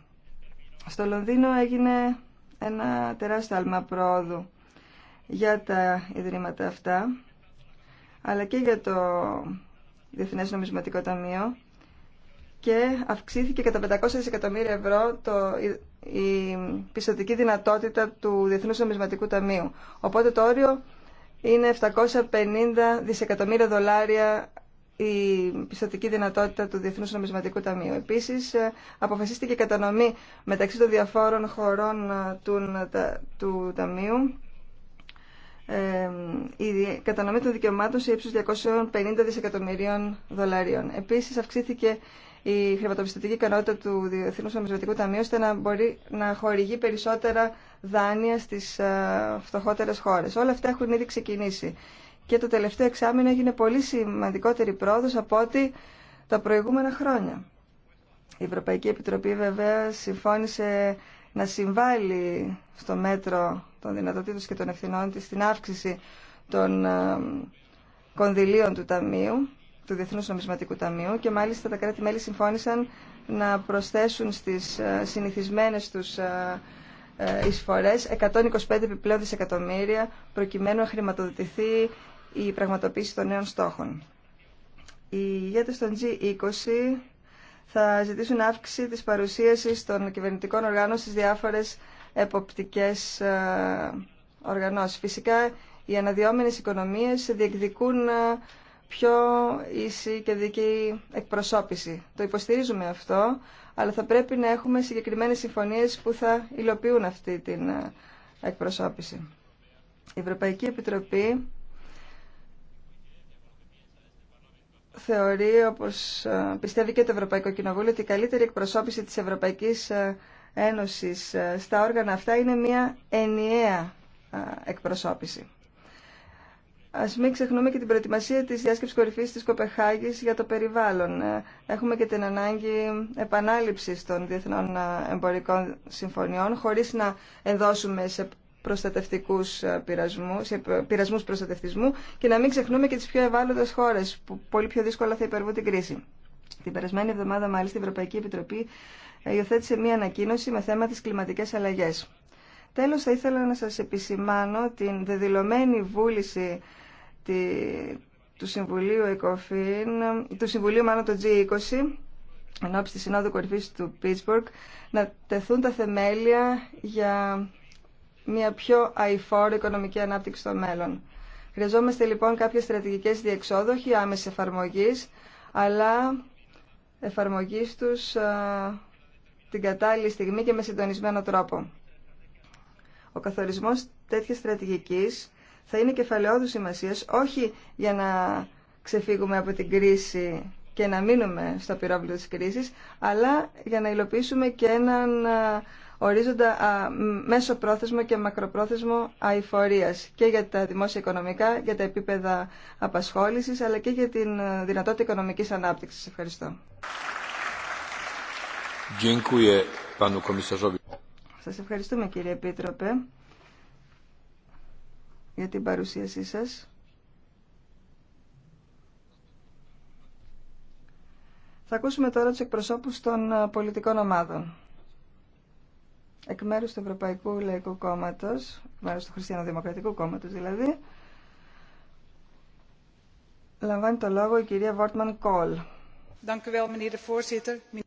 Στο Λονδίνο έγινε ένα τεράστιο άλμα πρόοδου για τα ιδρύματα αυτά, αλλά και για το Διεθνές Νομισματικό Ταμείο, και αυξήθηκε κατά 500 δισεκατομμύρια ευρώ το, η πιστοτική δυνατότητα του Διεθνούς Νομισματικού Ταμείου. Οπότε το όριο είναι 750 δισεκατομμύρια δολάρια η πιστοτική δυνατότητα του Διεθνούς Νομισματικού Ταμείου. Επίσης, ε, αποφασίστηκε η κατανομή μεταξύ των διαφόρων χωρών ε, του, του Ταμείου ε, η κατανομή των δικαιωμάτων σε ύψους 250 δισεκατομμυρίων δολαρίων. Επίσης, αυξήθηκε η χρηματοπιστωτική ικανότητα του Διεθνούς Νομισματικού Ταμείου ώστε να μπορεί να χορηγεί περισσότερα δάνεια στις ε, φτωχότερες χώρες. Όλα αυτά έχουν ήδη ξεκινήσει. Και το τελευταίο εξάμεινο έγινε πολύ σημαντικότερη πρόοδος από ό,τι τα προηγούμενα χρόνια. Η Ευρωπαϊκή Επιτροπή βέβαια συμφώνησε να συμβάλλει στο μέτρο των δυνατοτήτων και των ευθυνών της στην αύξηση των ε, κονδυλίων του Ταμείου του Διεθνούς Νομισματικού Ταμείου και μάλιστα τα κράτη-μέλη συμφώνησαν να προσθέσουν στις ε, συνηθισμένες τους ε, ε, εισφορές 125 επιπλέον δισεκατομμύρια προκειμένου να χρηματοδοτηθεί η πραγματοποίηση των νέων στόχων. Οι ηγέτες των G20 θα ζητήσουν αύξηση της παρουσίασης των κυβερνητικών οργάνων στις διάφορες εποπτικές οργανώσεις. Φυσικά, οι αναδυόμενες οικονομίες διεκδικούν πιο ίση και δική εκπροσώπηση. Το υποστηρίζουμε αυτό, αλλά θα πρέπει να έχουμε συγκεκριμένες συμφωνίες που θα υλοποιούν αυτή την ε, εκπροσώπηση. Η Ευρωπαϊκή Επιτροπή θεωρεί, όπως ε, πιστεύει και το Ευρωπαϊκό Κοινοβούλιο, ότι η καλύτερη εκπροσώπηση της Ευρωπαϊκής ε, Ένωσης στα όργανα αυτά είναι μια ενιαία εκπροσώπηση. Α μην ξεχνούμε και την προετοιμασία τη διάσκεψη κορυφή τη Κοπεχάγη για το περιβάλλον. Ε, έχουμε και την ανάγκη επανάληψη των διεθνών ε, εμπορικών συμφωνιών, χωρί να ενδώσουμε σε προστατευτικού ε, πειρασμούς, σε πειρασμού προστατευτισμού και να μην ξεχνούμε και τι πιο ευάλωτες χώρε που πολύ πιο δύσκολα θα υπερβούν την κρίση. Την περασμένη εβδομάδα μάλιστα η Ευρωπαϊκή Επιτροπή υιοθέτησε μία ανακοίνωση με θέμα τι κλιματικέ αλλαγέ. Τέλος θα ήθελα να σας επισημάνω την δεδηλωμένη βούληση τη, του Συμβουλίου ΕΚΟΦΗΝ, του Συμβουλίου μάλλον το G20, εν της Συνόδου Κορυφής του Pittsburgh, να τεθούν τα θεμέλια για μια πιο αηφόρο οικονομική ανάπτυξη στο μέλλον. Χρειαζόμαστε λοιπόν κάποιες στρατηγικές διεξόδου, άμεση εφαρμογής, αλλά εφαρμογής τους την κατάλληλη στιγμή και με συντονισμένο τρόπο. Ο καθορισμός τέτοιας στρατηγικής θα είναι κεφαλαιόδου σημασία όχι για να ξεφύγουμε από την κρίση και να μείνουμε στο πυρόβλητο της κρίσης, αλλά για να υλοποιήσουμε και έναν ορίζοντα μέσο πρόθεσμο και μακροπρόθεσμο αηφορίας και για τα δημόσια οικονομικά, για τα επίπεδα απασχόλησης, αλλά και για την δυνατότητα οικονομικής ανάπτυξης. Ευχαριστώ. Σας ευχαριστούμε κύριε Επίτροπε για την παρουσίασή σας. Θα ακούσουμε τώρα τους εκπροσώπους των ε, πολιτικών ομάδων. Εκ μέρους του Ευρωπαϊκού Λαϊκού Κόμματος, μέρους του Χριστιανοδημοκρατικού Κόμματος δηλαδή, λαμβάνει το λόγο η κυρία Βόρτμαν Κόλ.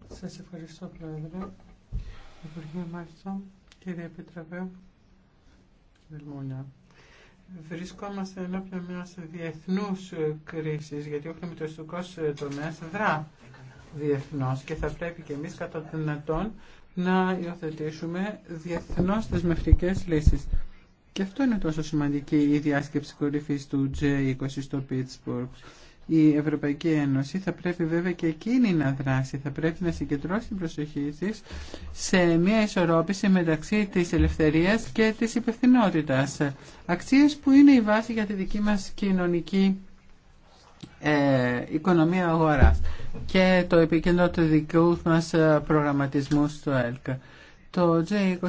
Σας ευχαριστώ, Πρόεδρε. Υπουργέ Μάρτσα, κύριε Επιτροπέ, Βελμονιά βρισκόμαστε ενώπιον μια διεθνού κρίση, γιατί ο χρηματιστικό τομέα δρά διεθνώ και θα πρέπει και εμεί κατά το δυνατόν να υιοθετήσουμε διεθνώ δεσμευτικέ λύσει. Και αυτό είναι τόσο σημαντική η διάσκεψη κορυφή του G20 στο Pittsburgh η Ευρωπαϊκή Ένωση θα πρέπει βέβαια και εκείνη να δράσει, θα πρέπει να συγκεντρώσει την προσοχή της σε μια ισορρόπηση μεταξύ της ελευθερίας και της υπευθυνότητας. Αξίες που είναι η βάση για τη δική μας κοινωνική ε, οικονομία αγοράς και το επίκεντρο του δικού μας ε, προγραμματισμού στο ΕΛΚΑ. Το G20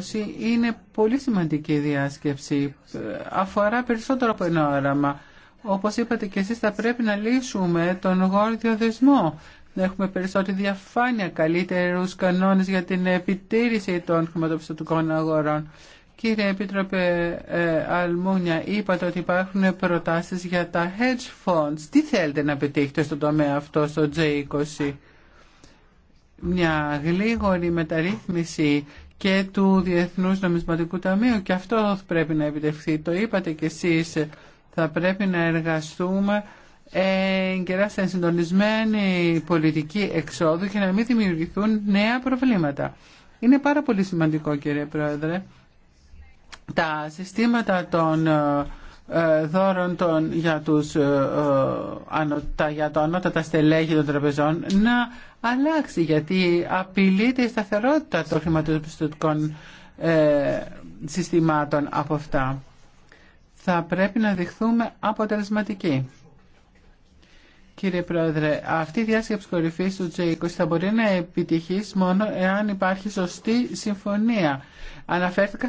είναι πολύ σημαντική διάσκεψη, ε, αφορά περισσότερο από ένα όραμα όπως είπατε και εσείς θα πρέπει να λύσουμε τον γόρδιο δεσμό. Να έχουμε περισσότερη διαφάνεια, καλύτερους κανόνες για την επιτήρηση των χρηματοπιστωτικών αγορών. Κύριε Επίτροπε ε, Αλμούνια, είπατε ότι υπάρχουν προτάσεις για τα hedge funds. Τι θέλετε να πετύχετε στον τομέα αυτό, στο J20. Μια γλίγορη μεταρρύθμιση και του Διεθνούς Νομισματικού Ταμείου και αυτό πρέπει να επιτευχθεί. Το είπατε κι εσείς θα πρέπει να εργαστούμε εγκαιρά σε συντονισμένη πολιτική εξόδου και να μην δημιουργηθούν νέα προβλήματα. Είναι πάρα πολύ σημαντικό κύριε Πρόεδρε τα συστήματα των ε, ε, δώρων των, για, τους, ε, για το ανώτατα στελέχη των τραπεζών να αλλάξει γιατί απειλείται η σταθερότητα των χρηματοπιστωτικών συστημάτων από αυτά θα πρέπει να δειχθούμε αποτελεσματικοί. Κύριε Πρόεδρε, αυτή η διάσκεψη κορυφή του G20 θα μπορεί να επιτυχεί μόνο εάν υπάρχει σωστή συμφωνία. Αναφέρθηκα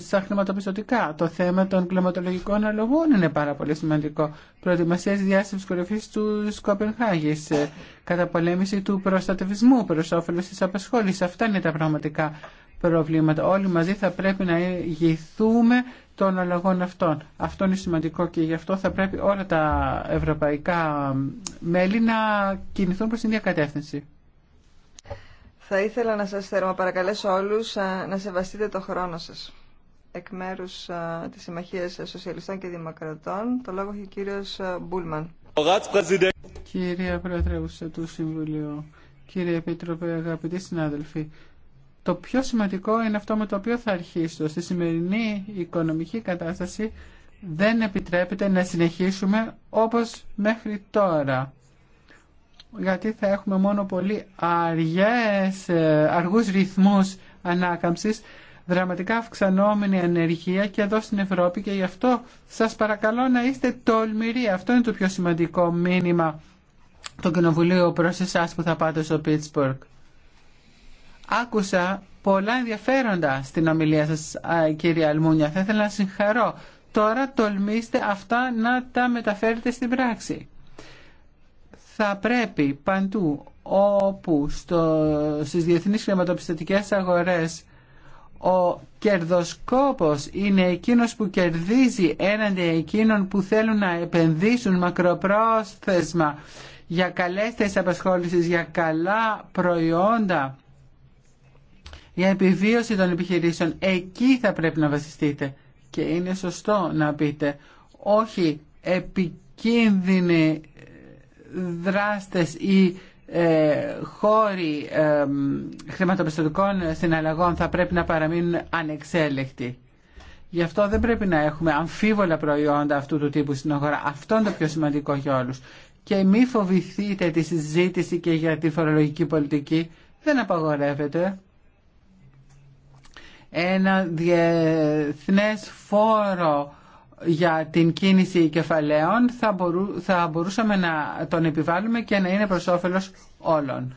στα, χρηματοπιστωτικά. Το θέμα των κλιματολογικών αλογών είναι πάρα πολύ σημαντικό. Προετοιμασία τη διάσκεψη κορυφή του Σκοπενχάγη. Ε, καταπολέμηση του προστατευισμού προ όφελο τη απασχόληση. Αυτά είναι τα πραγματικά προβλήματα. Όλοι μαζί θα πρέπει να ηγηθούμε των αλλαγών αυτών. Αυτό είναι σημαντικό και γι' αυτό θα πρέπει όλα τα ευρωπαϊκά μέλη να κινηθούν προς την ίδια κατεύθυνση. Θα ήθελα να σας παρακαλέσω όλους να σεβαστείτε το χρόνο σας. Εκ μέρους της Συμμαχίας Σοσιαλιστών και Δημοκρατών, το λόγο έχει ο κύριος Μπούλμαν. Κύριε Πρόεδρε του Συμβουλίου, κύριε Επίτροπε, αγαπητοί συνάδελφοι, το πιο σημαντικό είναι αυτό με το οποίο θα αρχίσω. Στη σημερινή οικονομική κατάσταση δεν επιτρέπεται να συνεχίσουμε όπως μέχρι τώρα. Γιατί θα έχουμε μόνο πολύ αργές, ε, αργούς ρυθμούς ανάκαμψης, δραματικά αυξανόμενη ανεργία και εδώ στην Ευρώπη και γι' αυτό σας παρακαλώ να είστε τολμηροί. Αυτό είναι το πιο σημαντικό μήνυμα του Κοινοβουλίου προς εσάς που θα πάτε στο Πίτσπορκ. Άκουσα πολλά ενδιαφέροντα στην ομιλία σας κύριε Αλμούνια. Θα ήθελα να συγχαρώ. Τώρα τολμήστε αυτά να τα μεταφέρετε στην πράξη. Θα πρέπει παντού όπου στο, στις διεθνείς χρηματοπιστωτικές αγορές ο κερδοσκόπος είναι εκείνος που κερδίζει έναντι εκείνων που θέλουν να επενδύσουν μακροπρόσθεσμα για καλές θέσεις απασχόλησης, για καλά προϊόντα για επιβίωση των επιχειρήσεων. Εκεί θα πρέπει να βασιστείτε. Και είναι σωστό να πείτε όχι επικίνδυνοι ε, δράστες ή ε, χώροι ε, χρηματοπιστωτικών συναλλαγών θα πρέπει να παραμείνουν ανεξέλεκτοι. Γι' αυτό δεν πρέπει να έχουμε αμφίβολα προϊόντα αυτού του τύπου στην αγορά. Αυτό είναι το πιο σημαντικό για όλους. Και μη φοβηθείτε τη συζήτηση και για τη φορολογική πολιτική. Δεν απαγορεύεται ένα διεθνές φόρο για την κίνηση κεφαλαίων θα, μπορούσαμε να τον επιβάλλουμε και να είναι προς όφελος όλων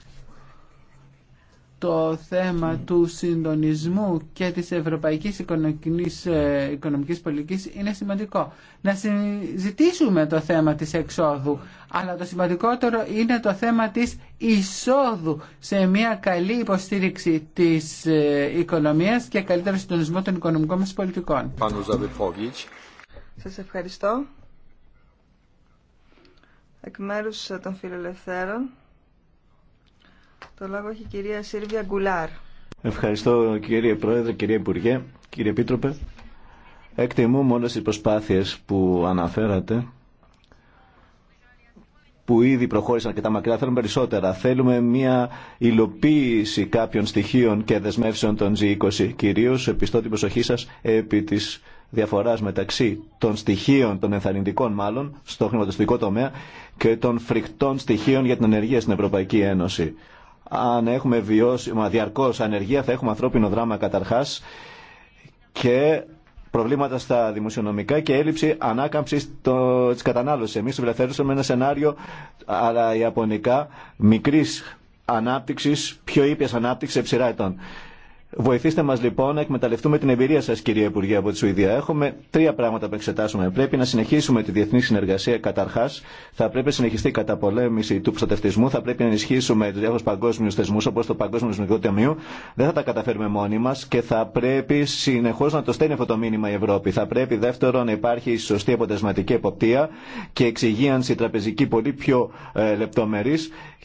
το θέμα του συντονισμού και της ευρωπαϊκής οικονομικής, ε, οικονομικής πολιτικής είναι σημαντικό. Να συζητήσουμε το θέμα της εξόδου, αλλά το σημαντικότερο είναι το θέμα της εισόδου σε μια καλή υποστήριξη της ε, οικονομίας και καλύτερο συντονισμό των οικονομικών μας πολιτικών. Σας ευχαριστώ. Εκ μέρους των φιλελευθέρων. Το λόγο έχει η κυρία Σίλβια Γκουλάρ. Ευχαριστώ κύριε Πρόεδρε, κύριε Υπουργέ, κύριε Επίτροπε. Εκτιμούμε όλες τις προσπάθειες που αναφέρατε που ήδη προχώρησαν αρκετά μακριά, θέλουμε περισσότερα. Θέλουμε μια υλοποίηση κάποιων στοιχείων και δεσμεύσεων των G20. Κυρίω επιστώ την προσοχή σα επί τη διαφορά μεταξύ των στοιχείων, των ενθαρρυντικών μάλλον, στο χρηματοστικό τομέα και των φρικτών στοιχείων για την ενεργεία στην Ευρωπαϊκή Ένωση αν έχουμε βιώσιμα διαρκώς ανεργία θα έχουμε ανθρώπινο δράμα καταρχάς και προβλήματα στα δημοσιονομικά και έλλειψη ανάκαμψη τη κατανάλωση. Εμεί ελευθέρωσαμε ένα σενάριο αλλά ιαπωνικά μικρή ανάπτυξη, πιο ήπια ανάπτυξη σε ψηρά ετών. Βοηθήστε μα λοιπόν να εκμεταλλευτούμε την εμπειρία σα, κύριε Υπουργέ, από τη Σουηδία. Έχουμε τρία πράγματα που εξετάσουμε. Πρέπει να συνεχίσουμε τη διεθνή συνεργασία καταρχά. Θα πρέπει να συνεχιστεί η καταπολέμηση του προστατευτισμού. Θα πρέπει να ενισχύσουμε του διάφορου παγκόσμιου θεσμού, όπω το Παγκόσμιο Ισμικό Ταμείο. Δεν θα τα καταφέρουμε μόνοι μα και θα πρέπει συνεχώ να το στέλνει αυτό το μήνυμα η Ευρώπη. Θα πρέπει δεύτερον να υπάρχει σωστή αποτελεσματική εποπτεία και εξυγίανση τραπεζική πολύ πιο ε, λεπτομερή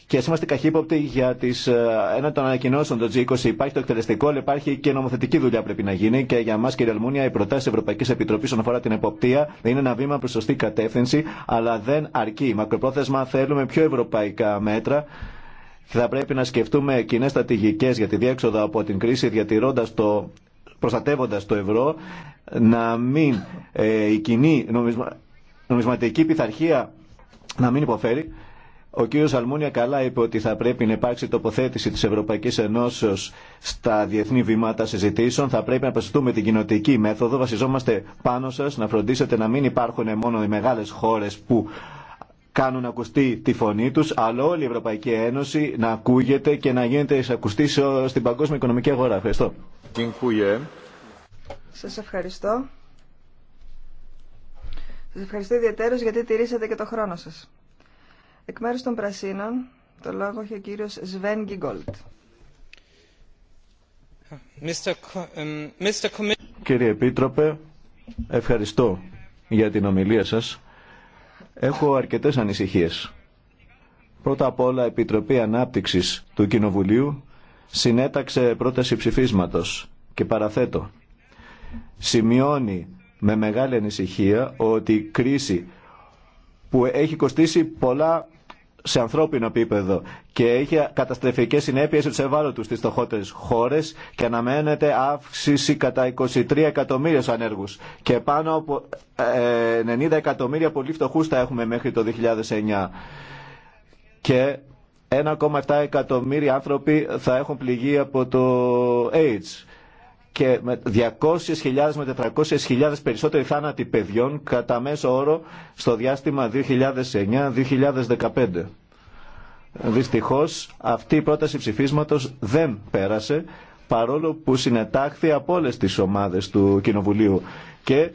και α είμαστε καχύποπτοι για τι ε, ένα των ανακοινώσεων των G20. Υπάρχει το εκτελεστικό, αλλά υπάρχει και νομοθετική δουλειά πρέπει να γίνει. Και για εμά, κύριε Αλμούνια, οι προτάσει τη Ευρωπαϊκή Επιτροπή όσον αφορά την εποπτεία είναι ένα βήμα προ σωστή κατεύθυνση, αλλά δεν αρκεί. Μακροπρόθεσμα θέλουμε πιο ευρωπαϊκά μέτρα θα πρέπει να σκεφτούμε κοινέ στρατηγικέ για τη διέξοδο από την κρίση, διατηρώντα το προστατεύοντα το ευρώ, να μην ε, η κοινή νομισμα... νομισματική πειθαρχία να μην υποφέρει ο κύριος Αλμούνια καλά είπε ότι θα πρέπει να υπάρξει τοποθέτηση τη Ευρωπαϊκή Ενώσεω στα διεθνή βήματα συζητήσεων. Θα πρέπει να προσθέτουμε την κοινοτική μέθοδο. Βασιζόμαστε πάνω σα να φροντίσετε να μην υπάρχουν μόνο οι μεγάλε χώρε που κάνουν ακουστή τη φωνή του, αλλά όλη η Ευρωπαϊκή Ένωση να ακούγεται και να γίνεται εισακουστή στην παγκόσμια οικονομική αγορά. Ευχαριστώ. Σα ευχαριστώ. Σα ευχαριστώ ιδιαίτερω γιατί τηρήσατε και το χρόνο σα. Εκ μέρους των Πρασίνων, το λόγο έχει ο κύριος Σβέν Γκίγκολτ. Ε, Κύριε Επίτροπε, ευχαριστώ για την ομιλία σας. Έχω αρκετές ανησυχίες. Πρώτα απ' όλα, η Επιτροπή Ανάπτυξης του Κοινοβουλίου συνέταξε πρόταση ψηφίσματος και παραθέτω. Σημειώνει με μεγάλη ανησυχία ότι η κρίση που έχει κοστίσει πολλά σε ανθρώπινο επίπεδο και έχει καταστρεφικέ συνέπειε στου ευάλωτου στι φτωχότερε χώρε και αναμένεται αύξηση κατά 23 εκατομμύρια ανέργου. Και πάνω από 90 ε, εκατομμύρια πολύ φτωχού θα έχουμε μέχρι το 2009. Και 1,7 εκατομμύρια άνθρωποι θα έχουν πληγεί από το AIDS και 200.000 με 400.000 περισσότεροι θάνατοι παιδιών κατά μέσο όρο στο διάστημα 2009-2015. Δυστυχώς αυτή η πρόταση ψηφίσματος δεν πέρασε παρόλο που συνετάχθη από όλες τις ομάδες του Κοινοβουλίου και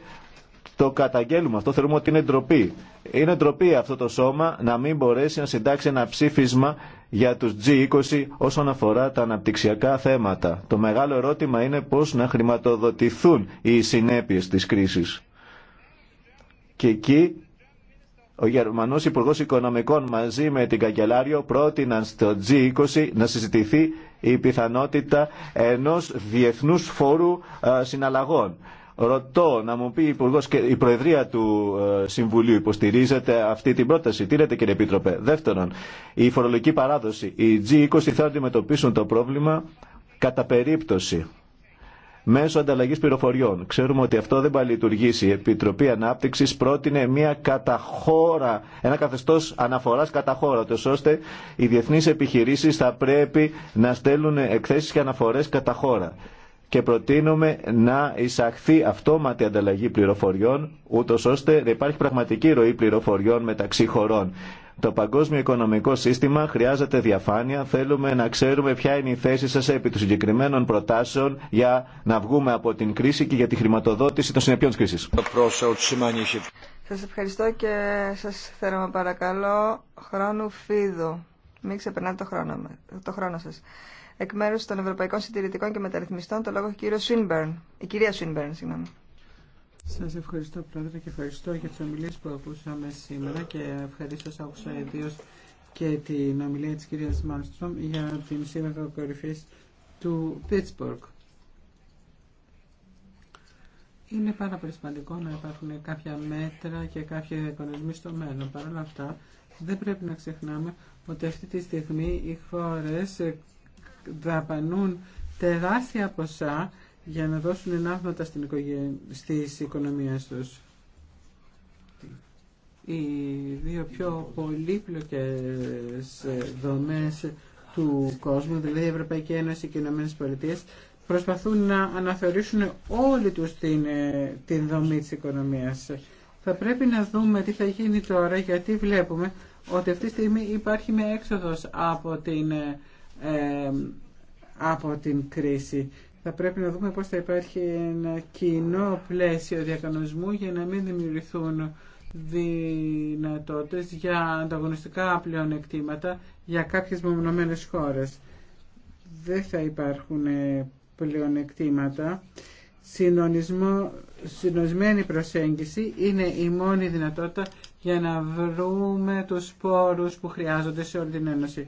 το καταγγέλουμε αυτό, θεωρούμε ότι είναι ντροπή. Είναι ντροπή αυτό το σώμα να μην μπορέσει να συντάξει ένα ψήφισμα για τους G20 όσον αφορά τα αναπτυξιακά θέματα. Το μεγάλο ερώτημα είναι πώς να χρηματοδοτηθούν οι συνέπειες της κρίσης. Και εκεί ο Γερμανός Υπουργό Οικονομικών μαζί με την Καγκελάριο πρότειναν στο G20 να συζητηθεί η πιθανότητα ενός διεθνούς φόρου συναλλαγών Ρωτώ να μου πει η, Υπουργός και η Προεδρία του ε, Συμβουλίου υποστηρίζεται αυτή την πρόταση. Τι λέτε κύριε Επίτροπε. Δεύτερον, η φορολογική παράδοση. Οι G20 θα αντιμετωπίσουν το πρόβλημα κατά περίπτωση μέσω ανταλλαγή πληροφοριών. Ξέρουμε ότι αυτό δεν πάει λειτουργήσει. Η Επιτροπή Ανάπτυξη πρότεινε μια καταχώρα, ένα καθεστώ αναφορά κατά χώρα, ώστε οι διεθνεί επιχειρήσει θα πρέπει να στέλνουν εκθέσει και αναφορέ κατά χώρα και προτείνουμε να εισαχθεί αυτόματη ανταλλαγή πληροφοριών, ούτω ώστε να υπάρχει πραγματική ροή πληροφοριών μεταξύ χωρών. Το παγκόσμιο οικονομικό σύστημα χρειάζεται διαφάνεια. Θέλουμε να ξέρουμε ποια είναι η θέση σα επί των συγκεκριμένων προτάσεων για να βγούμε από την κρίση και για τη χρηματοδότηση των συνεπειών τη κρίση. Σα ευχαριστώ και σα θέλω παρακαλώ χρόνου φίδου. Μην ξεπερνάτε το χρόνο, το χρόνο σας. Εκ μέρους των Ευρωπαϊκών Συντηρητικών και Μεταρρυθμιστών το λόγο κύριο η κυρία Σουίνμπερν, συγγνώμη. Σας ευχαριστώ Πρόεδρε και ευχαριστώ για τι ομιλίε που ακούσαμε σήμερα και ευχαριστώ άκουσα και την ομιλία τη κυρία Μάλστρομ για την σύνοδο κορυφή του Πίτσμπουργκ. Είναι πάρα πολύ σημαντικό να υπάρχουν κάποια μέτρα και κάποια οικονομισμοί στο μέλλον. Παρ' όλα αυτά, δεν πρέπει να ξεχνάμε ότι αυτή τη στιγμή οι χώρε δαπανούν τεράστια ποσά για να δώσουν ενάγματα στην οικογέ... στις οικονομίες τους. Οι δύο πιο πολύπλοκες δομές του κόσμου, δηλαδή η Ευρωπαϊκή Ένωση και οι Ηνωμένες Πολιτείες, προσπαθούν να αναθεωρήσουν όλη τους την, την δομή της οικονομίας. Θα πρέπει να δούμε τι θα γίνει τώρα, γιατί βλέπουμε ότι αυτή τη στιγμή υπάρχει μια έξοδος από την από την κρίση. Θα πρέπει να δούμε πώς θα υπάρχει ένα κοινό πλαίσιο διακανονισμού για να μην δημιουργηθούν δυνατότητες για ανταγωνιστικά πλεονεκτήματα για κάποιες μεμονωμένες χώρες. Δεν θα υπάρχουν ε, πλεονεκτήματα. Συνονισμό, συνοσμένη προσέγγιση είναι η μόνη δυνατότητα για να βρούμε τους πόρους που χρειάζονται σε όλη την Ένωση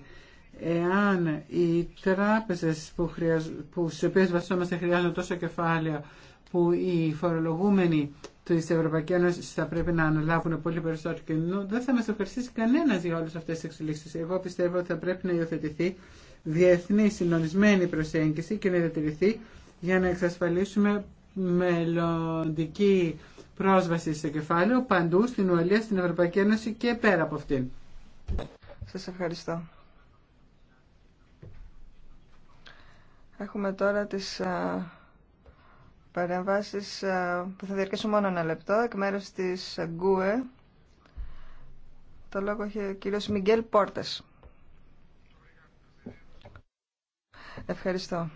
εάν οι τράπεζες που, χρειαζ... που στις οποίες βασόμαστε χρειάζονται τόσο κεφάλαια που οι φορολογούμενοι τη Ευρωπαϊκή Ένωση θα πρέπει να αναλάβουν πολύ περισσότερο κοινού, δεν θα μα ευχαριστήσει κανένα για όλε αυτέ τι εξελίξει. Εγώ πιστεύω ότι θα πρέπει να υιοθετηθεί διεθνή συντονισμένη προσέγγιση και να διατηρηθεί για να εξασφαλίσουμε μελλοντική πρόσβαση σε κεφάλαιο παντού στην Ουαλία, στην Ευρωπαϊκή Ένωση και πέρα από αυτήν. Σας ευχαριστώ. Έχουμε τώρα τις παρεμβάσεις που θα διαρκέσουν μόνο ένα λεπτό εκ μέρους της Γκούε, Το λόγο έχει ο κύριος Μιγγέλ Πόρτες. Ευχαριστώ.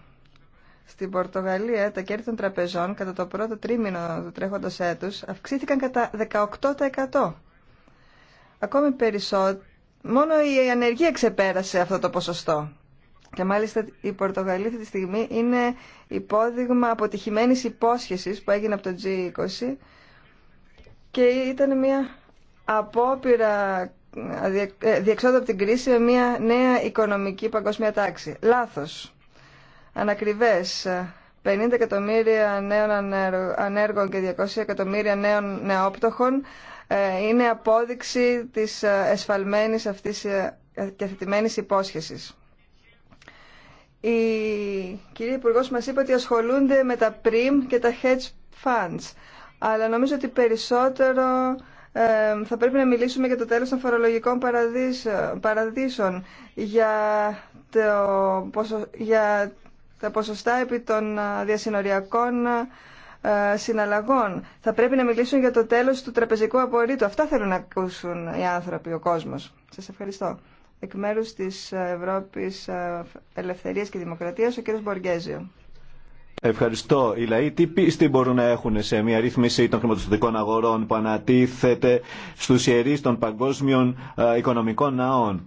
Στην Πορτογαλία τα κέρδη των τραπεζών κατά το πρώτο τρίμηνο του τρέχοντος έτους αυξήθηκαν κατά 18%. Ακόμη περισσότερο, μόνο η ανεργία ξεπέρασε αυτό το ποσοστό. Και μάλιστα η Πορτογαλία αυτή τη στιγμή είναι υπόδειγμα αποτυχημένης υπόσχεσης που έγινε από το G20 και ήταν μια απόπειρα ε, διεξόδου από την κρίση με μια νέα οικονομική παγκόσμια τάξη. Λάθος. Ανακριβές. 50 εκατομμύρια νέων ανέργων και 200 εκατομμύρια νέων νεόπτωχων ε, είναι απόδειξη της ε, εσφαλμένης αυτής και θετημένης υπόσχεσης. Η κυρία Υπουργό μα είπε ότι ασχολούνται με τα πριμ και τα hedge funds. Αλλά νομίζω ότι περισσότερο θα πρέπει να μιλήσουμε για το τέλος των φορολογικών παραδείσων, για, για τα ποσοστά επί των διασυνοριακών συναλλαγών. Θα πρέπει να μιλήσουν για το τέλος του τραπεζικού απορρίτου. Αυτά θέλουν να ακούσουν οι άνθρωποι, ο κόσμος. Σας ευχαριστώ. Εκ μέρους της Ευρώπης ε, Ελευθερίας και Δημοκρατίας, ο κ. Μποργέζιο. Ευχαριστώ. Οι λαοί τι πίστη μπορούν να έχουν σε μια ρύθμιση των χρηματοδοτικών αγορών που ανατίθεται στους ιερείς των παγκόσμιων ε, οικονομικών ναών.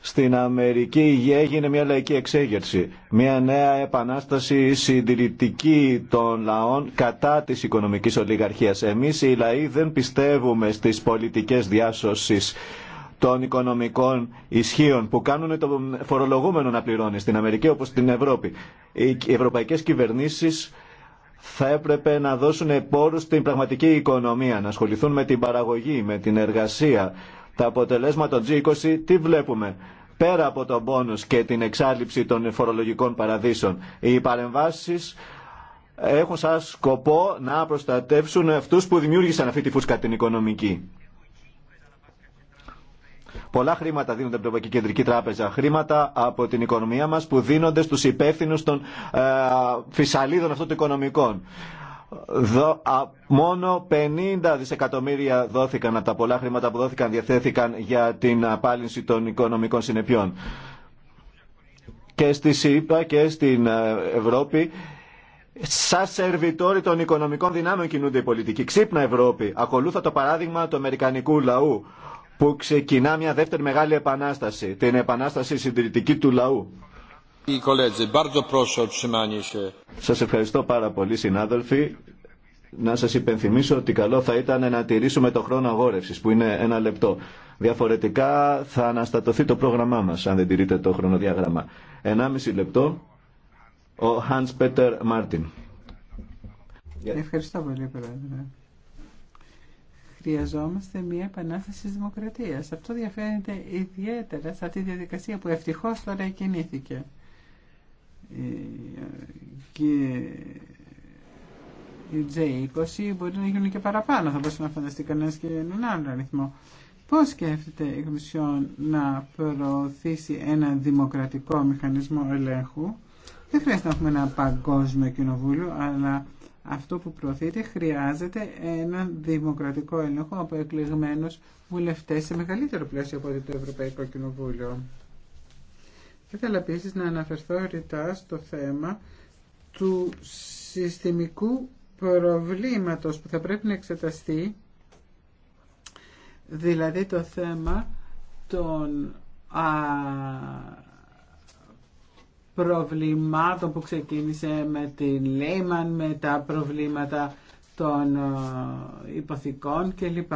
Στην Αμερική έγινε μια λαϊκή εξέγερση, μια νέα επανάσταση συντηρητική των λαών κατά της οικονομικής ολιγαρχίας. Εμείς οι λαοί δεν πιστεύουμε στις πολιτικές διάσωσεις των οικονομικών ισχύων που κάνουν το φορολογούμενο να πληρώνει στην Αμερική όπως στην Ευρώπη. Οι ευρωπαϊκές κυβερνήσεις θα έπρεπε να δώσουν πόρου στην πραγματική οικονομία, να ασχοληθούν με την παραγωγή, με την εργασία. Τα αποτελέσματα των G20 τι βλέπουμε πέρα από τον πόνους και την εξάλληψη των φορολογικών παραδείσων. Οι παρεμβάσεις έχουν σαν σκοπό να προστατεύσουν αυτούς που δημιούργησαν αυτή τη φούσκα την οικονομική. Πολλά χρήματα δίνονται από την Ευρωπαϊκή Κεντρική Τράπεζα. Χρήματα από την οικονομία μα που δίνονται στου υπεύθυνου των ε, φυσαλίδων αυτών των οικονομικών. Δο, μόνο 50 δισεκατομμύρια δόθηκαν από τα πολλά χρήματα που δόθηκαν, διαθέθηκαν για την απάλυνση των οικονομικών συνεπειών. Και στη ΣΥΠΑ και στην ε, Ευρώπη σαν σερβιτόροι των οικονομικών δυνάμεων κινούνται οι πολιτικοί. Ξύπνα Ευρώπη. Ακολούθα το παράδειγμα του Αμερικανικού λαού που ξεκινά μια δεύτερη μεγάλη επανάσταση, την επανάσταση συντηρητική του λαού. Σας ευχαριστώ πάρα πολύ συνάδελφοι. Να σας υπενθυμίσω ότι καλό θα ήταν να τηρήσουμε το χρόνο αγόρευσης που είναι ένα λεπτό. Διαφορετικά θα αναστατωθεί το πρόγραμμά μας αν δεν τηρείτε το χρονοδιάγραμμα. 1,5 λεπτό ο Hans Peter Martin. Ευχαριστώ πολύ, Πρόεδρε χρειαζόμαστε μια επανάσταση της δημοκρατίας. Αυτό διαφαίνεται ιδιαίτερα σε αυτή τη διαδικασία που ευτυχώς τώρα κινήθηκε. Ε, και οι J20 μπορεί να γίνουν και παραπάνω, θα μπορούσε να φανταστεί κανένα και έναν άλλο αριθμό. Πώς σκέφτεται η Κομισιόν να προωθήσει ένα δημοκρατικό μηχανισμό ελέγχου. Δεν χρειάζεται να έχουμε ένα παγκόσμιο κοινοβούλιο, αλλά αυτό που προωθείται χρειάζεται ένα δημοκρατικό έλεγχο από εκλεγμένου βουλευτέ σε μεγαλύτερο πλαίσιο από το Ευρωπαϊκό Κοινοβούλιο. Θα ήθελα επίση να αναφερθώ ρητά στο θέμα του συστημικού προβλήματος που θα πρέπει να εξεταστεί, δηλαδή το θέμα των προβλημάτων που ξεκίνησε με την Λέιμαν, με τα προβλήματα των ε, υποθηκών κλπ.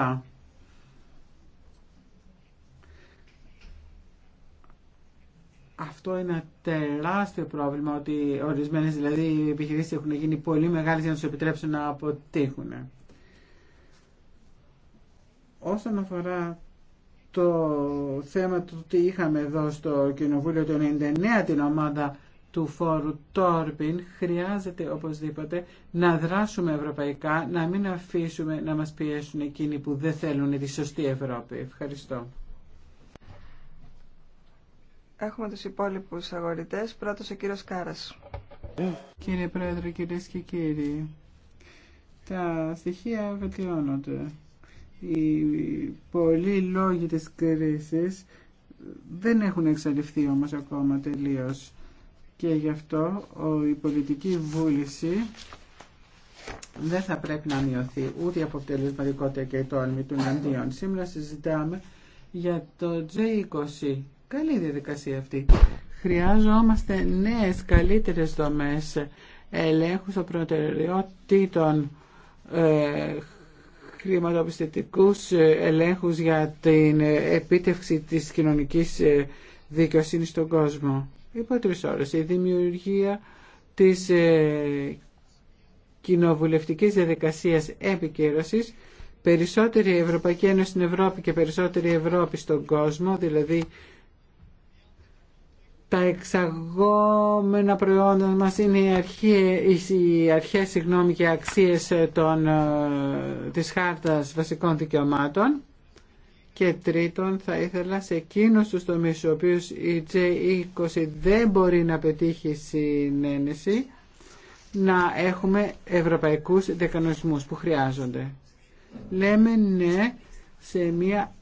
Αυτό είναι ένα τεράστιο πρόβλημα ότι ορισμένες δηλαδή οι επιχειρήσεις έχουν γίνει πολύ μεγάλες για να τους επιτρέψουν να αποτύχουν. Όσον αφορά το θέμα του τι είχαμε εδώ στο Κοινοβούλιο του 99 την ομάδα του φόρου Τόρπιν χρειάζεται οπωσδήποτε να δράσουμε ευρωπαϊκά, να μην αφήσουμε να μας πιέσουν εκείνοι που δεν θέλουν τη σωστή Ευρώπη. Ευχαριστώ. Έχουμε τους υπόλοιπους αγορητές. Πρώτος ο κύριος Κάρας. Κύριε Πρόεδρε, κυρίες και κύριοι, τα στοιχεία βελτιώνονται. Οι πολλοί λόγοι της κρίσης δεν έχουν εξαλειφθεί όμως ακόμα τελείως και γι' αυτό η πολιτική βούληση δεν θα πρέπει να μειωθεί ούτε η αποτελεσματικότητα και η τόλμη των αντίων. Σήμερα συζητάμε για το G20. Καλή διαδικασία αυτή. Χρειάζομαστε νέες καλύτερες δομές ελέγχου των προτεραιότητων ε, χρηματοπιστωτικούς ε, ελέγχους για την ε, επίτευξη της κοινωνικής ε, δικαιοσύνης στον κόσμο. Υπό τρεις Η δημιουργία της κοινοβουλευτικής διαδικασίας επικύρωσης περισσότερη Ευρωπαϊκή Ένωση στην Ευρώπη και περισσότερη Ευρώπη στον κόσμο, δηλαδή τα εξαγόμενα προϊόντα μας είναι οι, αρχές, οι αρχές και αξίες ε, των, ε, της χάρτας βασικών δικαιωμάτων και τρίτον θα ήθελα σε εκείνους τους τομείς στους οποίους η J20 δεν μπορεί να πετύχει συνένεση να έχουμε ευρωπαϊκούς δεκανοσμούς που χρειάζονται. Λέμε ναι σε μια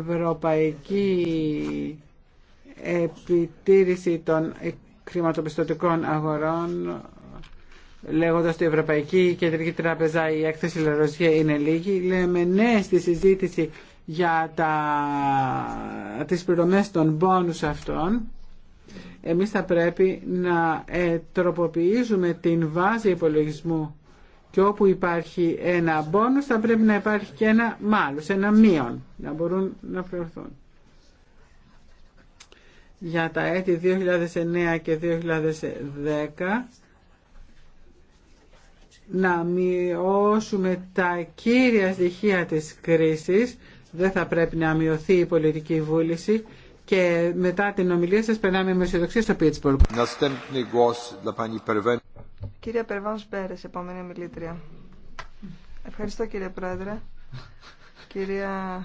ευρωπαϊκή επιτήρηση των χρηματοπιστωτικών αγορών λέγοντα ότι η Ευρωπαϊκή Κεντρική Τράπεζα η έκθεση Λαροζιέ είναι λίγη, λέμε ναι στη συζήτηση για τα, τις πληρωμές των πόνους αυτών, εμείς θα πρέπει να ε, τροποποιήσουμε την βάση υπολογισμού και όπου υπάρχει ένα πόνους θα πρέπει να υπάρχει και ένα μάλλον, ένα μείον, να μπορούν να προωθούν για τα έτη 2009 και 2010 να μειώσουμε τα κύρια στοιχεία της κρίσης, δεν θα πρέπει να μειωθεί η πολιτική βούληση και μετά την ομιλία σας περνάμε με αισιοδοξία στο Πίτσπορκ. Κύριε Περβάνος Μπέρες, επόμενη μιλήτρια. Ευχαριστώ κύριε Πρόεδρε. Κυρία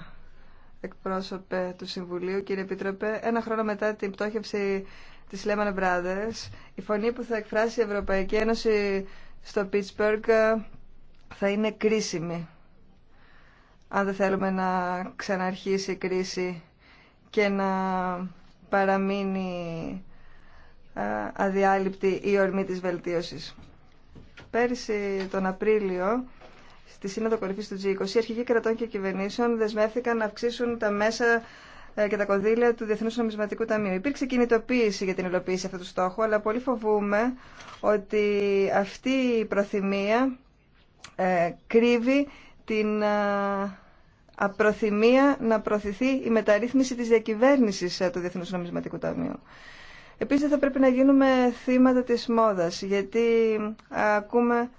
εκπρόσωπε του Συμβουλίου, κύριε Επίτροπε, ένα χρόνο μετά την πτώχευση τη Lehman Brothers, η φωνή που θα εκφράσει η Ευρωπαϊκή Ένωση στο Pittsburgh ε, θα είναι κρίσιμη. Αν δεν θέλουμε να ξαναρχίσει η κρίση και να παραμείνει ε, αδιάλειπτη η ορμή της βελτίωσης. Πέρσι τον Απρίλιο τη Σύνοδο Κορυφή του G20, οι αρχηγοί κρατών και κυβερνήσεων δεσμεύθηκαν να αυξήσουν τα μέσα ε, και τα κονδύλια του Διεθνούς Νομισματικού Ταμείου. Υπήρξε κινητοποίηση για την υλοποίηση αυτού του στόχου, αλλά πολύ φοβούμε ότι αυτή η προθυμία ε, κρύβει την ε, απροθυμία να προωθηθεί η μεταρρύθμιση της διακυβέρνησης του Διεθνούς Νομισματικού Ταμείου. Επίσης θα πρέπει να γίνουμε θύματα της μόδας, γιατί ακούμε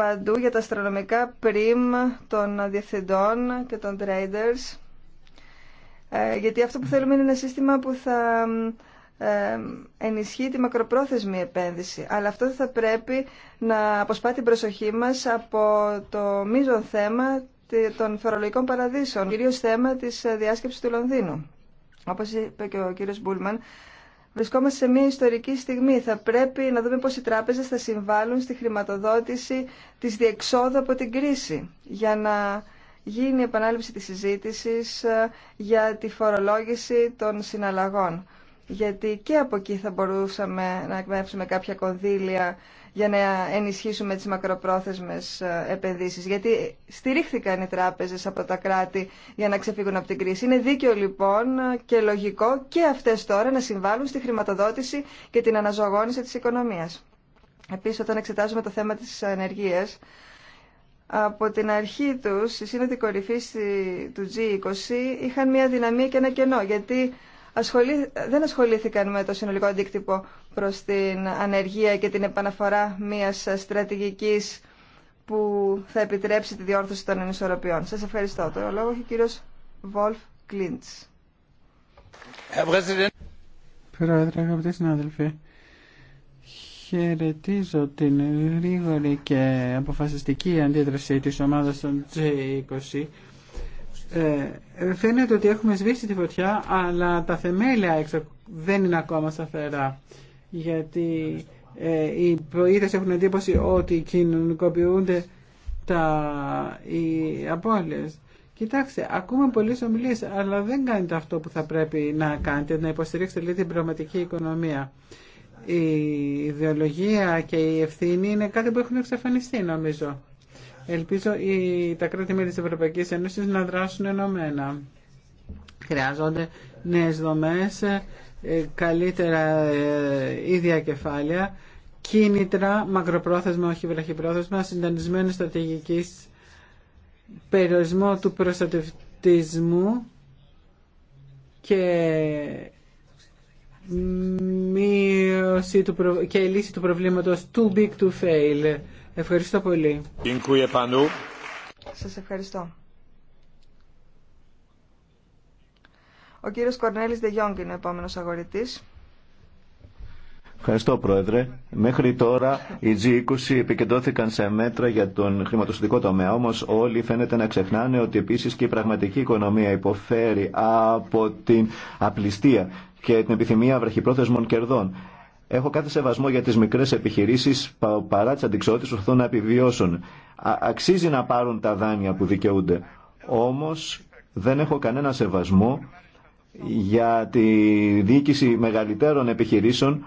παντού για τα αστρονομικά πριμ των διευθυντών και των traders ε, γιατί αυτό που θέλουμε είναι ένα σύστημα που θα ε, ενισχύει τη μακροπρόθεσμη επένδυση. Αλλά αυτό θα πρέπει να αποσπά την προσοχή μας από το μείζον θέμα των φορολογικών παραδείσων, κυρίως θέμα της ε, διάσκεψης του Λονδίνου. Όπως είπε και ο κύριος Μπούλμαν, Βρισκόμαστε σε μια ιστορική στιγμή. Θα πρέπει να δούμε πώς οι τράπεζες θα συμβάλλουν στη χρηματοδότηση της διεξόδου από την κρίση για να γίνει η επανάληψη της συζήτησης ε, για τη φορολόγηση των συναλλαγών. Γιατί και από εκεί θα μπορούσαμε να εκμεύσουμε κάποια κονδύλια για να ενισχύσουμε τις μακροπρόθεσμες ε, επενδύσεις. Γιατί στηρίχθηκαν οι τράπεζες από τα κράτη για να ξεφύγουν από την κρίση. Είναι δίκαιο λοιπόν και λογικό και αυτές τώρα να συμβάλλουν στη χρηματοδότηση και την αναζωογόνηση της οικονομίας. Επίσης όταν εξετάζουμε το θέμα της ανεργίας, από την αρχή τους, οι σύνοδοι κορυφή του G20 είχαν μια δυναμία και ένα κενό, γιατί ασχολή, δεν ασχολήθηκαν με το συνολικό αντίκτυπο προς την ανεργία και την επαναφορά μιας στρατηγικής που θα επιτρέψει τη διόρθωση των ανισορροπιών. Σας ευχαριστώ. Το λόγο έχει ο κύριος Βολφ Κλίντς. Πρόεδρε, αγαπητοί συνάδελφοι, χαιρετίζω την γρήγορη και αποφασιστική αντίδραση της ομάδας των G20 ε, φαίνεται ότι έχουμε σβήσει τη φωτιά, αλλά τα θεμέλια δεν είναι ακόμα σταθερά γιατί ε, οι προείδες έχουν εντύπωση ότι κοινωνικοποιούνται τα, οι απώλειες. Κοιτάξτε, ακούμε πολλέ ομιλίε, αλλά δεν κάνετε αυτό που θα πρέπει να κάνετε, να υποστηρίξετε λίγο την πραγματική οικονομία. Η ιδεολογία και η ευθύνη είναι κάτι που έχουν εξαφανιστεί, νομίζω. Ελπίζω οι, τα κράτη-μέλη τη Ευρωπαϊκή Ένωση να δράσουν ενωμένα. Χρειάζονται νέε δομέ, ε, καλύτερα ε, ίδια κεφάλαια, κίνητρα, μακροπρόθεσμα, όχι βραχυπρόθεσμα, συντονισμένη στρατηγική, περιορισμό του προστατευτισμού και μείωση του και λύση του προβλήματος too big to fail. Ευχαριστώ πολύ. Σας ευχαριστώ. Ο κύριος Κορνέλης Δεγιόγκ είναι ο επόμενος αγορητής. Ευχαριστώ Πρόεδρε. Μέχρι τώρα οι G20 επικεντρώθηκαν σε μέτρα για τον χρηματοστατικό τομέα. Όμω όλοι φαίνεται να ξεχνάνε ότι επίση και η πραγματική οικονομία υποφέρει από την απληστία και την επιθυμία βραχυπρόθεσμων κερδών. Έχω κάθε σεβασμό για τι μικρέ επιχειρήσει παρά τι αντικσότητε που θέλουν να επιβιώσουν. αξίζει να πάρουν τα δάνεια που δικαιούνται. Όμω δεν έχω κανένα σεβασμό για τη διοίκηση μεγαλύτερων επιχειρήσεων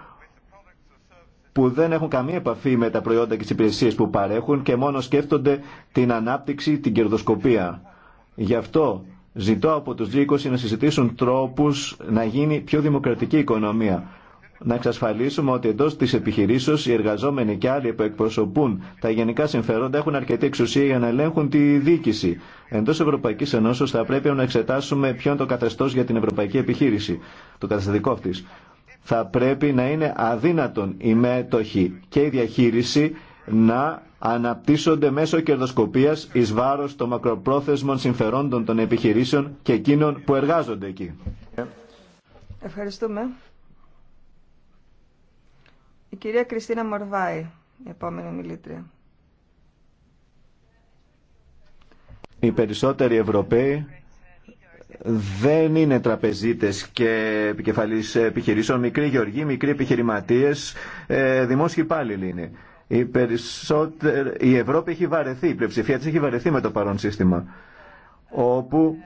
που δεν έχουν καμία επαφή με τα προϊόντα και τις υπηρεσίες που παρέχουν και μόνο σκέφτονται την ανάπτυξη, την κερδοσκοπία. Γι' αυτό ζητώ από τους g να συζητήσουν τρόπους να γίνει πιο δημοκρατική οικονομία να εξασφαλίσουμε ότι εντό τη επιχειρήσεω οι εργαζόμενοι και άλλοι που εκπροσωπούν τα γενικά συμφέροντα έχουν αρκετή εξουσία για να ελέγχουν τη διοίκηση. Εντό Ευρωπαϊκή Ενώσεω θα πρέπει να εξετάσουμε ποιο είναι το καθεστώ για την Ευρωπαϊκή Επιχείρηση, το καταστατικό αυτή. Θα πρέπει να είναι αδύνατον η μέτοχη και η διαχείριση να αναπτύσσονται μέσω κερδοσκοπία ει βάρο των μακροπρόθεσμων συμφερόντων των επιχειρήσεων και εκείνων που εργάζονται εκεί. Ευχαριστούμε. Η κυρία Κριστίνα Μορβάη, η επόμενη μιλήτρια. Οι περισσότεροι Ευρωπαίοι δεν είναι τραπεζίτες και επικεφαλής επιχειρήσεων. Μικροί γεωργοί, μικροί επιχειρηματίες, ε, δημόσιοι υπάλληλοι είναι. Η, η Ευρώπη έχει βαρεθεί, η πλειοψηφία της έχει βαρεθεί με το παρόν σύστημα. Όπου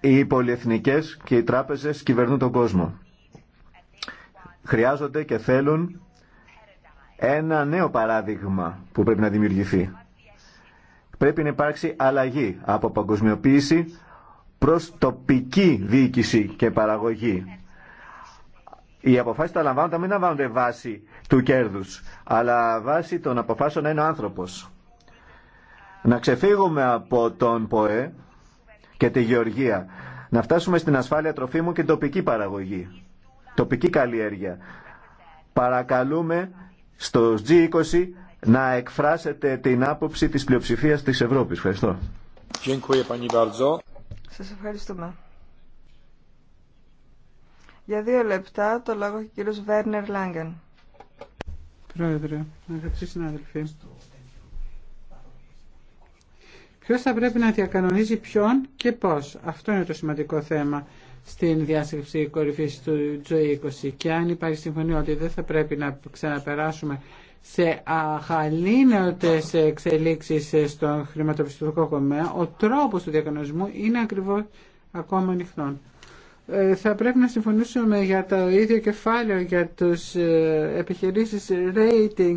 οι πολυεθνικές και οι τράπεζες κυβερνούν τον κόσμο χρειάζονται και θέλουν ένα νέο παράδειγμα που πρέπει να δημιουργηθεί. Πρέπει να υπάρξει αλλαγή από παγκοσμιοποίηση προς τοπική διοίκηση και παραγωγή. Οι αποφάσεις τα λαμβάνονται μην λαμβάνονται βάση του κέρδους, αλλά βάση των αποφάσεων ένα άνθρωπος. Να ξεφύγουμε από τον ΠΟΕ και τη γεωργία, να φτάσουμε στην ασφάλεια τροφίμων και τοπική παραγωγή τοπική καλλιέργεια. Παρακαλούμε στο G20 να εκφράσετε την άποψη της πλειοψηφίας της Ευρώπης. Ευχαριστώ. Σας ευχαριστούμε. Για δύο λεπτά το λόγο έχει ο κύριος Βέρνερ Λάγκεν. Πρόεδρε, αγαπητοί συνάδελφοι. Ποιος θα πρέπει να διακανονίζει ποιον και πώς. Αυτό είναι το σημαντικό θέμα στην διάσκεψη κορυφή του G20 και αν υπάρχει συμφωνία ότι δεν θα πρέπει να ξαναπεράσουμε σε αχαλήνεωτες εξελίξεις στον χρηματοπιστωτικό κομμάτι, ο τρόπος του διακανονισμού είναι ακριβώς ακόμα ανοιχτών. Ε, θα πρέπει να συμφωνήσουμε για το ίδιο κεφάλαιο για τους ε, επιχειρήσεις rating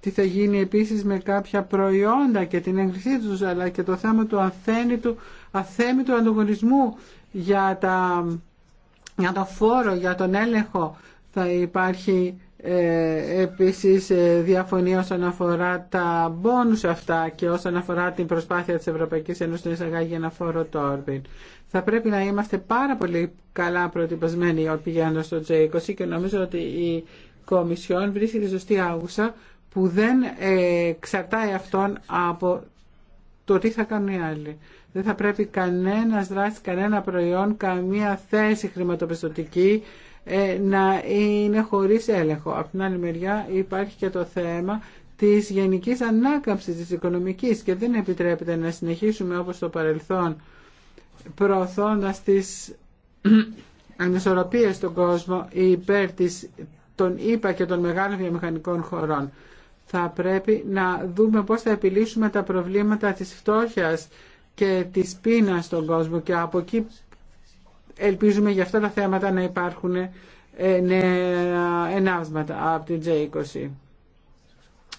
τι θα γίνει επίσης με κάποια προϊόντα και την έγκρισή τους αλλά και το θέμα του αθέμητου ανταγωνισμού για, τα, για το φόρο, για τον έλεγχο θα υπάρχει ε, επίσης ε, διαφωνία όσον αφορά τα μπόνους αυτά και όσον αφορά την προσπάθεια της Ευρωπαϊκής Ένωσης να εισαγάγει ένα φόρο Τόρμπιν. Θα πρέπει να είμαστε πάρα πολύ καλά προτυπωσμένοι όταν πηγαίνοντας στο J20 και νομίζω ότι η Κομισιόν τη ζωστή άγουσα που δεν ε, εξαρτάει αυτόν από το τι θα κάνουν οι άλλοι. Δεν θα πρέπει κανένας δράση, κανένα προϊόν, καμία θέση χρηματοπιστωτική ε, να είναι χωρίς έλεγχο. Από την άλλη μεριά υπάρχει και το θέμα της γενικής ανάκαμψης της οικονομικής και δεν επιτρέπεται να συνεχίσουμε όπως το παρελθόν προωθώντας τις ανισορροπίες στον κόσμο υπέρ της, των ΙΠΑ και των μεγάλων βιομηχανικών χωρών. Θα πρέπει να δούμε πώς θα επιλύσουμε τα προβλήματα της φτώχειας και της πείνας στον κόσμο και από εκεί ελπίζουμε για αυτά τα θέματα να υπάρχουν ε, ενάσματα από την J20.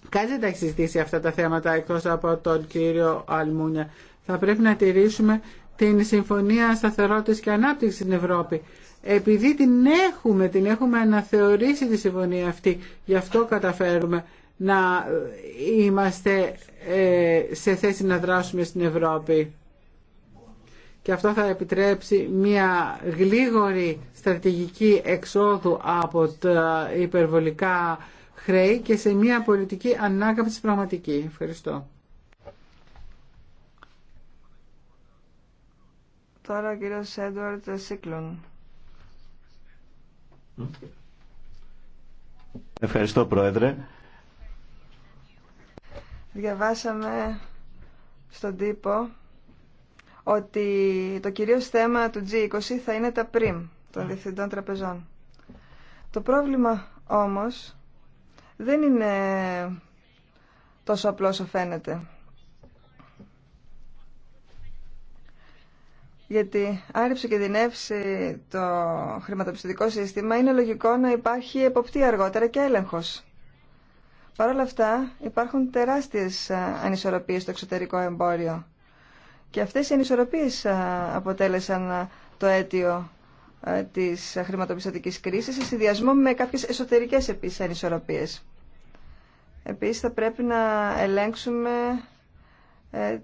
Κάτι δεν τα έχει συζητήσει αυτά τα θέματα εκτός από τον κύριο Αλμούνια. Θα πρέπει να τηρήσουμε την Συμφωνία Σταθερότητας και Ανάπτυξης στην Ευρώπη. Επειδή την έχουμε, την έχουμε αναθεωρήσει τη συμφωνία αυτή, γι' αυτό καταφέρουμε να είμαστε ε, σε θέση να δράσουμε στην Ευρώπη. Και αυτό θα επιτρέψει μια γλίγορη στρατηγική εξόδου από τα υπερβολικά χρέη και σε μια πολιτική ανάκαμψη πραγματική. Ευχαριστώ. Τώρα κύριος Έντουαρτ Σίκλον. Ευχαριστώ Πρόεδρε διαβάσαμε στον τύπο ότι το κυρίως θέμα του G20 θα είναι τα πριμ των ναι. διευθυντών τραπεζών. Το πρόβλημα όμως δεν είναι τόσο απλό όσο φαίνεται. Γιατί άρρυψη και δινεύσει το χρηματοπιστωτικό σύστημα, είναι λογικό να υπάρχει εποπτεία αργότερα και έλεγχος. Παρ' όλα αυτά υπάρχουν τεράστιες ανισορροπίες στο εξωτερικό εμπόριο και αυτές οι ανισορροπίες αποτέλεσαν το αίτιο της χρηματοπιστωτικής κρίσης σε συνδυασμό με κάποιες εσωτερικές επίσης ανισορροπίες. Επίσης θα πρέπει να ελέγξουμε ε,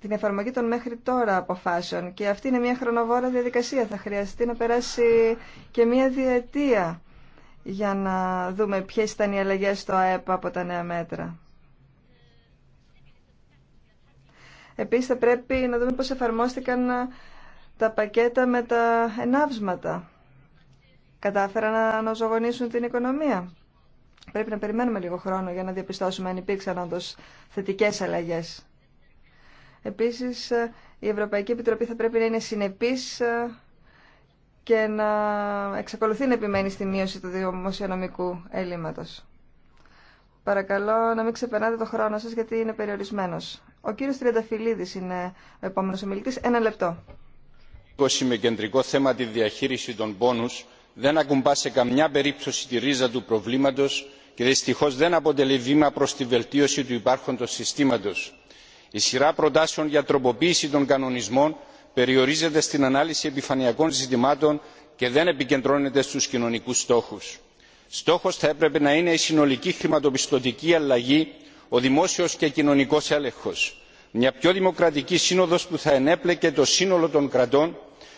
την εφαρμογή των μέχρι τώρα αποφάσεων και αυτή είναι μια χρονοβόρα διαδικασία. Θα χρειαστεί να περάσει και μια διετία για να δούμε ποιες ήταν οι αλλαγές στο ΑΕΠ από τα νέα μέτρα. Επίσης θα πρέπει να δούμε πώς εφαρμόστηκαν τα πακέτα με τα ενάψματα. Κατάφεραν να αναζωογονήσουν την οικονομία. Πρέπει να περιμένουμε λίγο χρόνο για να διαπιστώσουμε αν υπήρξαν όντως θετικές αλλαγές. Επίσης, η Ευρωπαϊκή Επιτροπή θα πρέπει να είναι συνεπής και να εξακολουθεί να επιμένει στη μείωση του δημοσιονομικού έλλειμματος. Παρακαλώ να μην ξεπερνάτε το χρόνο σας γιατί είναι περιορισμένος. Ο κύριος Τριανταφυλλίδης είναι ο επόμενος ομιλητής. Ένα λεπτό. Με κεντρικό θέμα τη διαχείριση των πόνους δεν ακουμπά σε καμιά περίπτωση τη ρίζα του προβλήματος και δυστυχώ δεν αποτελεί βήμα προς τη βελτίωση του υπάρχοντος συστήματος. Η σειρά προτάσεων για τροποποίηση των κανονισμών περιορίζεται στην ανάλυση επιφανειακών ζητημάτων και δεν επικεντρώνεται στους κοινωνικούς στόχους. στόχος θα έπρεπε να είναι η συνολική χρηματοπιστωτική αλλαγή ο δημόσιος και κοινωνικός έλεγχος μια πιο δημοκρατική σύνοδος που θα ενέπλεκε το σύνολο των κρατών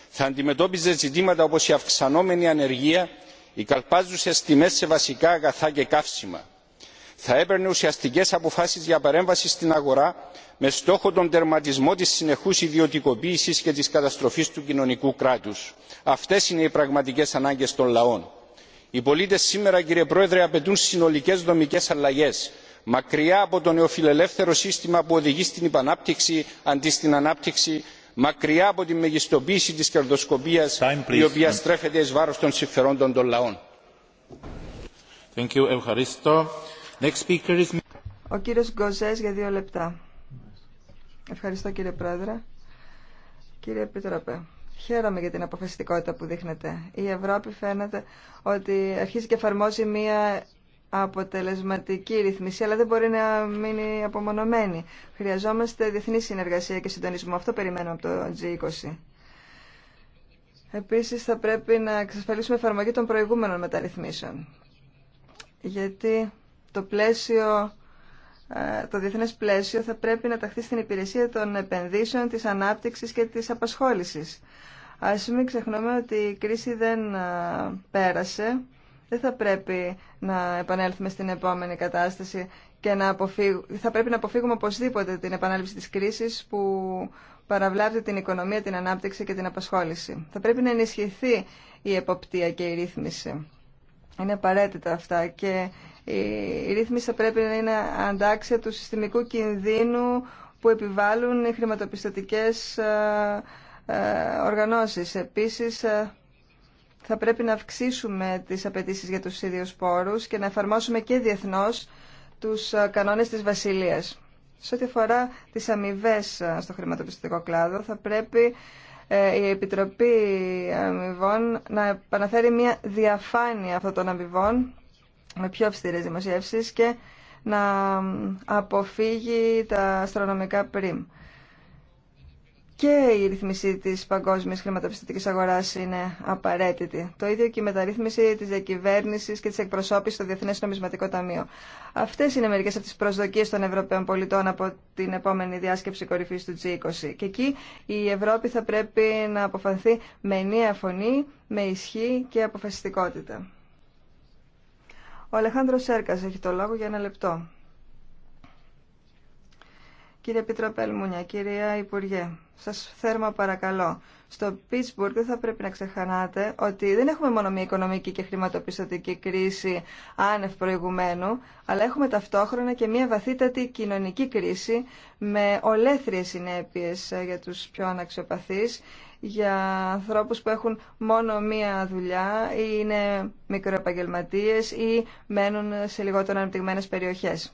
θα αντιμετώπιζε ζητήματα όπως η αυξανόμενη ανεργία οι καλπάζουσες τιμές σε βασικά αγαθά και καύσιμα θα έπαιρνε ουσιαστικές αποφάσεις για παρέμβαση στην αγορά με στόχο τον τερματισμό της συνεχούς ιδιωτικοποίησης και της καταστροφής του κοινωνικού κράτους. αυτές είναι οι πραγματικές ανάγκες των λαών. οι πολίτες σήμερα κύριε πρόεδρε απαιτούν συνολικές δομικές αλλαγές μακριά από το νεοφιλελεύθερο σύστημα που οδηγεί στην υπανάπτυξη αντί στην ανάπτυξη μακριά από τη μεγιστοποίηση της κερδοσκοπία, η οποία στρέφεται εις βάρος των συμφερόντων των λαών. Ο κύριος Γκοζές για δύο λεπτά. Ευχαριστώ κύριε Πρόεδρε. Κύριε Επίτροπε, χαίρομαι για την αποφασιστικότητα που δείχνετε. Η Ευρώπη φαίνεται ότι αρχίζει και εφαρμόζει μία αποτελεσματική ρυθμίση, αλλά δεν μπορεί να μείνει απομονωμένη. Χρειαζόμαστε διεθνή συνεργασία και συντονισμό. Αυτό περιμένουμε από το G20. Επίσης θα πρέπει να εξασφαλίσουμε εφαρμογή των προηγούμενων μεταρρυθμίσεων. Γιατί το πλαίσιο ε, το διεθνές πλαίσιο θα πρέπει να ταχθεί στην υπηρεσία των επενδύσεων, της ανάπτυξης και της απασχόλησης. Ας μην ξεχνούμε ότι η κρίση δεν ε, πέρασε, δεν θα πρέπει να επανέλθουμε στην επόμενη κατάσταση και να αποφύγουμε, θα πρέπει να αποφύγουμε οπωσδήποτε την επανάληψη της κρίσης που παραβλάβει την οικονομία, την ανάπτυξη και την απασχόληση. Θα πρέπει να ενισχυθεί η εποπτεία και η ρύθμιση. Είναι απαραίτητα αυτά και η ρύθμιση θα πρέπει να είναι αντάξια του συστημικού κινδύνου που επιβάλλουν οι χρηματοπιστωτικές ε, ε, οργανώσεις. Επίσης, ε, θα πρέπει να αυξήσουμε τις απαιτήσεις για τους ίδιους πόρους και να εφαρμόσουμε και διεθνώς τους κανόνες της Βασιλείας. Σε ό,τι αφορά τις αμοιβέ στο χρηματοπιστωτικό κλάδο, θα πρέπει η Επιτροπή Αμοιβών να επαναφέρει μια διαφάνεια αυτών των αμοιβών με πιο αυστηρέ δημοσιεύσεις και να αποφύγει τα αστρονομικά πριμ. Και η ρυθμίση της παγκόσμιας χρηματοπιστωτικής αγοράς είναι απαραίτητη. Το ίδιο και η μεταρρύθμιση της διακυβέρνησης και της εκπροσώπησης στο Διεθνές Νομισματικό Ταμείο. Αυτές είναι μερικές από τις προσδοκίες των Ευρωπαίων πολιτών από την επόμενη διάσκεψη κορυφής του G20. Και εκεί η Ευρώπη θα πρέπει να αποφανθεί με ενία φωνή, με ισχύ και αποφασιστικότητα. Ο Αλεχάνδρο Σέρκα έχει το λόγο για ένα λεπτό. Κύριε Πίτροπέλ Μουνιά, κυρία Υπουργέ, σας θέρμα παρακαλώ. Στο Πίτσμπουργκ δεν θα πρέπει να ξεχανάτε ότι δεν έχουμε μόνο μια οικονομική και χρηματοπιστωτική κρίση άνευ προηγουμένου, αλλά έχουμε ταυτόχρονα και μια βαθύτατη κοινωνική κρίση με ολέθριες συνέπειες ε, για τους πιο αναξιοπαθείς για ανθρώπους που έχουν μόνο μία δουλειά ή είναι μικροεπαγγελματίες ή μένουν σε λιγότερο αναπτυγμένες περιοχές.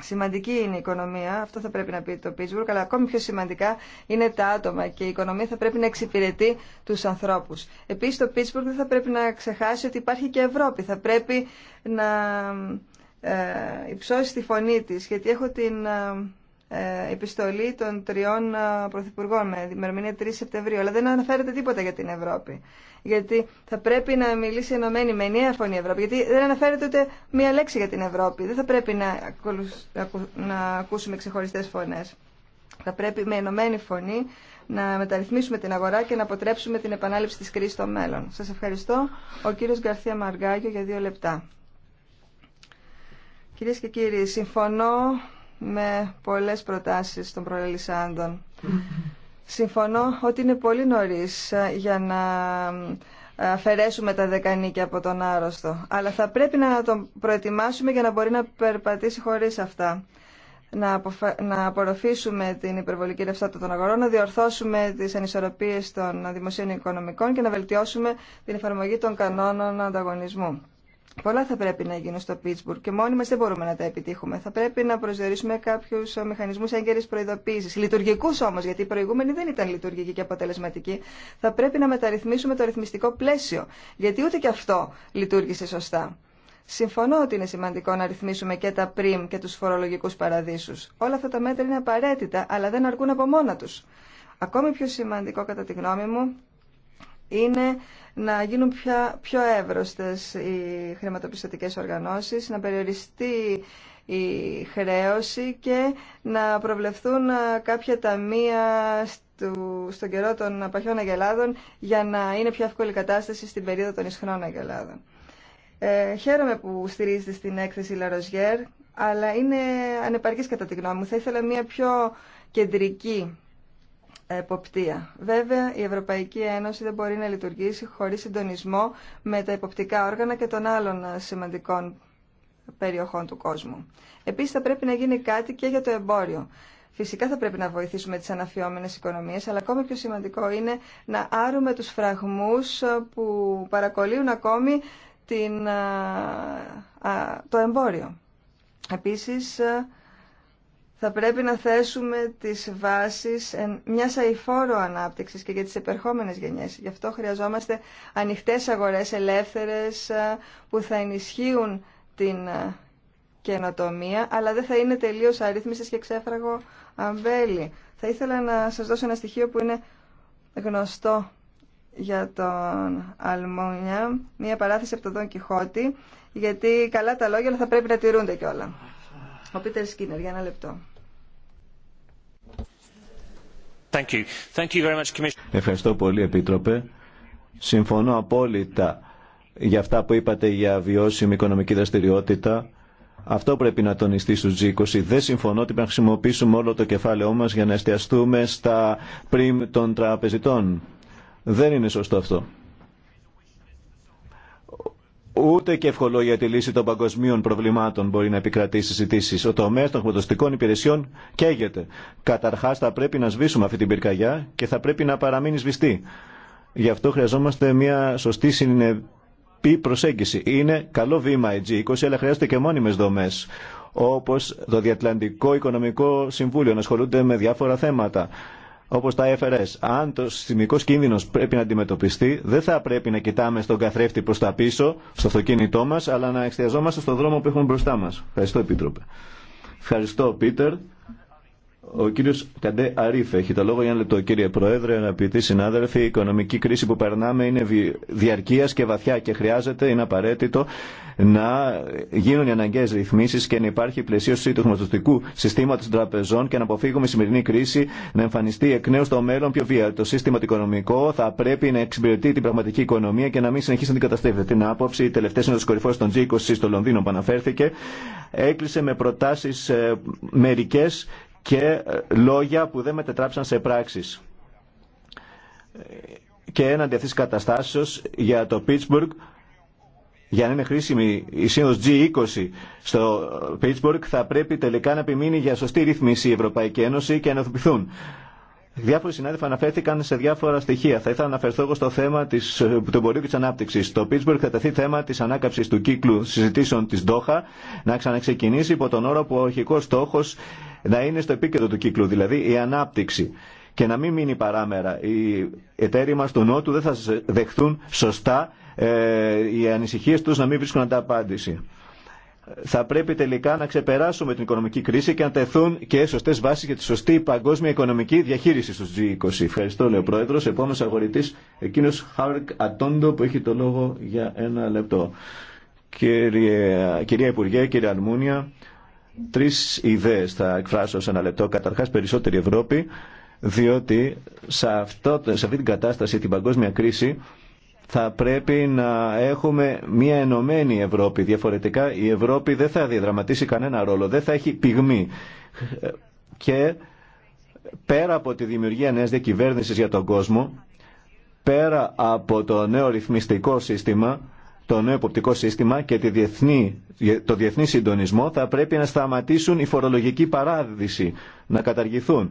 Σημαντική είναι η οικονομία, αυτό θα πρέπει να πει το Pittsburgh, αλλά ακόμη πιο σημαντικά είναι τα άτομα και η οικονομία θα πρέπει να εξυπηρετεί τους ανθρώπους. Επίση, το Pittsburgh δεν θα πρέπει να ξεχάσει ότι υπάρχει και Ευρώπη, θα πρέπει να ε, υψώσει τη φωνή τη γιατί έχω την ε, ε, επιστολή των τριών ε, πρωθυπουργών με ημερομηνία 3 Σεπτεμβρίου. Αλλά δεν αναφέρεται τίποτα για την Ευρώπη. Γιατί θα πρέπει να μιλήσει ενωμένη με ενιαία φωνή η Ευρώπη. Γιατί δεν αναφέρεται ούτε μία λέξη για την Ευρώπη. Δεν θα πρέπει να, να ακούσουμε ξεχωριστέ φωνέ. Θα πρέπει με ενωμένη φωνή να μεταρρυθμίσουμε την αγορά και να αποτρέψουμε την επανάληψη της κρίσης στο μέλλον. Σας ευχαριστώ. Ο κύριος Γκαρθία Μαργκάγιο για δύο λεπτά. Κυρίε και κύριοι, συμφωνώ με πολλές προτάσεις των προελισσάντων. Συμφωνώ ότι είναι πολύ νωρίς ε, για να ε, αφαιρέσουμε τα δεκανίκια από τον άρρωστο, αλλά θα πρέπει να τον προετοιμάσουμε για να μπορεί να περπατήσει χωρίς αυτά. Να, να απορροφήσουμε την υπερβολική ρευστότητα των αγορών, να διορθώσουμε τις ανισορροπίες των δημοσίων οικονομικών και να βελτιώσουμε την εφαρμογή των κανόνων ανταγωνισμού. Πολλά θα πρέπει να γίνουν στο Πίτσμπουργκ και μόνοι μα δεν μπορούμε να τα επιτύχουμε. Θα πρέπει να προσδιορίσουμε κάποιου μηχανισμού έγκαιρη προειδοποίηση. Λειτουργικού όμω, γιατί οι προηγούμενοι δεν ήταν λειτουργικοί και αποτελεσματικοί. Θα πρέπει να μεταρρυθμίσουμε το ρυθμιστικό πλαίσιο, γιατί ούτε και αυτό λειτουργήσε σωστά. Συμφωνώ ότι είναι σημαντικό να ρυθμίσουμε και τα πριμ και του φορολογικού παραδείσου. Όλα αυτά τα μέτρα είναι απαραίτητα, αλλά δεν αρκούν από μόνα του. Ακόμη πιο σημαντικό, κατά τη γνώμη μου, είναι να γίνουν πιο εύρωστες οι χρηματοπιστωτικές οργανώσεις, να περιοριστεί η χρέωση και να προβλεφθούν κάποια ταμεία στον καιρό των απαχιών αγελάδων για να είναι πιο εύκολη κατάσταση στην περίοδο των ισχνών αγελάδων. Ε, χαίρομαι που στηρίζεται στην έκθεση Λαροζιέρ, αλλά είναι ανεπαρκής κατά τη γνώμη μου. Θα ήθελα μια πιο κεντρική εποπτεία. Βέβαια, η Ευρωπαϊκή Ένωση δεν μπορεί να λειτουργήσει χωρίς συντονισμό με τα εποπτικά όργανα και των άλλων ε, σημαντικών περιοχών του κόσμου. Επίσης, θα πρέπει να γίνει κάτι και για το εμπόριο. Φυσικά θα πρέπει να βοηθήσουμε τις αναφιόμενες οικονομίες, αλλά ακόμη πιο σημαντικό είναι να άρουμε τους φραγμούς ε, που παρακολύουν ακόμη την, ε, το εμπόριο. Επίσης, θα πρέπει να θέσουμε τις βάσεις μιας αηφόρου ανάπτυξης και για τις επερχόμενες γενιές. Γι' αυτό χρειαζόμαστε ανοιχτές αγορές ελεύθερες που θα ενισχύουν την καινοτομία, αλλά δεν θα είναι τελείως αρρύθμισης και ξέφραγο αμπέλι. Θα ήθελα να σας δώσω ένα στοιχείο που είναι γνωστό για τον Αλμόνια, μια παράθεση από τον Δον Κιχώτη, γιατί καλά τα λόγια, αλλά θα πρέπει να τηρούνται κιόλα. Ο Πίτερ Σκίνερ, για ένα λεπτό. Ευχαριστώ πολύ, Επίτροπε. Συμφωνώ απόλυτα για αυτά που είπατε για βιώσιμη οικονομική δραστηριότητα. Αυτό πρέπει να τονιστεί στους G20. Δεν συμφωνώ ότι πρέπει να χρησιμοποιήσουμε όλο το κεφάλαιό μας για να εστιαστούμε στα πριμ των τραπεζιτών. Δεν είναι σωστό αυτό. Ούτε και ευχολόγια τη λύση των παγκοσμίων προβλημάτων μπορεί να επικρατήσει συζητήσει. Ο τομέα των χρηματοστικών υπηρεσιών καίγεται. Καταρχά, θα πρέπει να σβήσουμε αυτή την πυρκαγιά και θα πρέπει να παραμείνει σβηστή. Γι' αυτό χρειαζόμαστε μια σωστή συνεπή προσέγγιση. Είναι καλό βήμα η G20, αλλά χρειάζεται και μόνιμε δομέ. Όπω το Διατλαντικό Οικονομικό Συμβούλιο, να ασχολούνται με διάφορα θέματα όπως τα FRS. Αν το συστημικό κίνδυνος πρέπει να αντιμετωπιστεί, δεν θα πρέπει να κοιτάμε στον καθρέφτη προς τα πίσω, στο αυτοκίνητό μας, αλλά να εστιαζόμαστε στον δρόμο που έχουμε μπροστά μας. Ευχαριστώ, Επίτροπε. Ευχαριστώ, Πίτερ. Ο κύριο Καντέ Αρίφ έχει το λόγο για ένα λεπτό. Κύριε Πρόεδρε, αγαπητοί συνάδελφοι, η οικονομική κρίση που περνάμε είναι διαρκεία και βαθιά και χρειάζεται, είναι απαραίτητο να γίνουν οι αναγκαίε ρυθμίσει και να υπάρχει πλαισίωση του χρηματοδοτικού συστήματο των τραπεζών και να αποφύγουμε η σημερινή κρίση να εμφανιστεί εκ νέου στο μέλλον πιο βία. Το σύστημα το οικονομικό θα πρέπει να εξυπηρετεί την πραγματική οικονομία και να μην συνεχίσει να την καταστρέφεται. Την άποψη, η τελευταία σύνοδο των G20 στο Λονδίνο που αναφέρθηκε, έκλεισε με προτάσει ε, μερικέ και ε, λόγια που δεν μετετράψαν σε πράξεις. Και έναντι αυτής της καταστάσεως για το Pittsburgh, για να είναι χρήσιμη η σύνοδος G20 στο Pittsburgh, θα πρέπει τελικά να επιμείνει για σωστή ρύθμιση η Ευρωπαϊκή Ένωση και να ενωθοποιηθούν. Διάφοροι συνάδελφοι αναφέρθηκαν σε διάφορα στοιχεία. Θα ήθελα να αναφερθώ εγώ στο θέμα της, του εμπορίου και τη ανάπτυξη. Στο Πίτσμπουργκ θα τεθεί θέμα τη ανάκαψης του κύκλου συζητήσεων τη Ντόχα να ξαναξεκινήσει υπό τον όρο που ο στόχο να είναι στο επίκεντρο του κύκλου, δηλαδή η ανάπτυξη. Και να μην μείνει παράμερα. Οι εταίροι μα του Νότου δεν θα δεχθούν σωστά ε, οι ανησυχίε του να μην βρίσκουν ανταπάντηση. Θα πρέπει τελικά να ξεπεράσουμε την οικονομική κρίση και να τεθούν και σωστέ βάσει για τη σωστή παγκόσμια οικονομική διαχείριση στου G20. Ευχαριστώ, λέει ο Πρόεδρο. Επόμενο αγορητή, εκείνο Χάρκ Ατόντο, που έχει το λόγο για ένα λεπτό. Κύριε, κυρία Υπουργέ, κύριε Αλμούνια, Τρεις ιδέες θα εκφράσω σε ένα λεπτό. Καταρχάς περισσότερη Ευρώπη, διότι σε, αυτό, σε αυτή την κατάσταση, την παγκόσμια κρίση, θα πρέπει να έχουμε μια ενωμένη Ευρώπη. Διαφορετικά η Ευρώπη δεν θα διαδραματίσει κανένα ρόλο, δεν θα έχει πυγμή. Και πέρα από τη δημιουργία νέας διακυβέρνησης για τον κόσμο, πέρα από το νέο ρυθμιστικό σύστημα, το νέο εποπτικό σύστημα και διεθνή, το διεθνή συντονισμό θα πρέπει να σταματήσουν η φορολογική παράδειση, να καταργηθούν.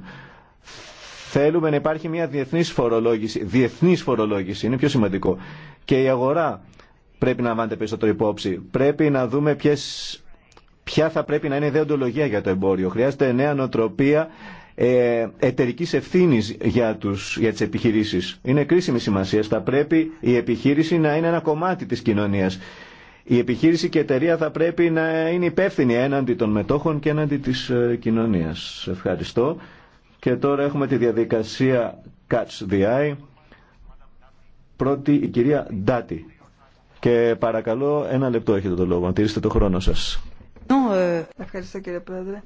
Θέλουμε να υπάρχει μια διεθνής φορολόγηση. Διεθνής φορολόγηση είναι πιο σημαντικό. Και η αγορά πρέπει να πίσω το υπόψη. Πρέπει να δούμε ποιες, ποια θα πρέπει να είναι η δεοντολογία για το εμπόριο. Χρειάζεται νέα νοοτροπία ε, εταιρική ευθύνη για, τους, για τις επιχειρήσεις. Είναι κρίσιμη σημασία. Θα πρέπει η επιχείρηση να είναι ένα κομμάτι της κοινωνία. Η επιχείρηση και η εταιρεία θα πρέπει να είναι υπεύθυνη έναντι των μετόχων και έναντι της ε, κοινωνία. Ευχαριστώ. Και τώρα έχουμε τη διαδικασία Catch the Eye. Πρώτη η κυρία Ντάτη. Και παρακαλώ ένα λεπτό έχετε το λόγο. τηρήσετε το χρόνο σας. Ε, ευχαριστώ κύριε Πρόεδρε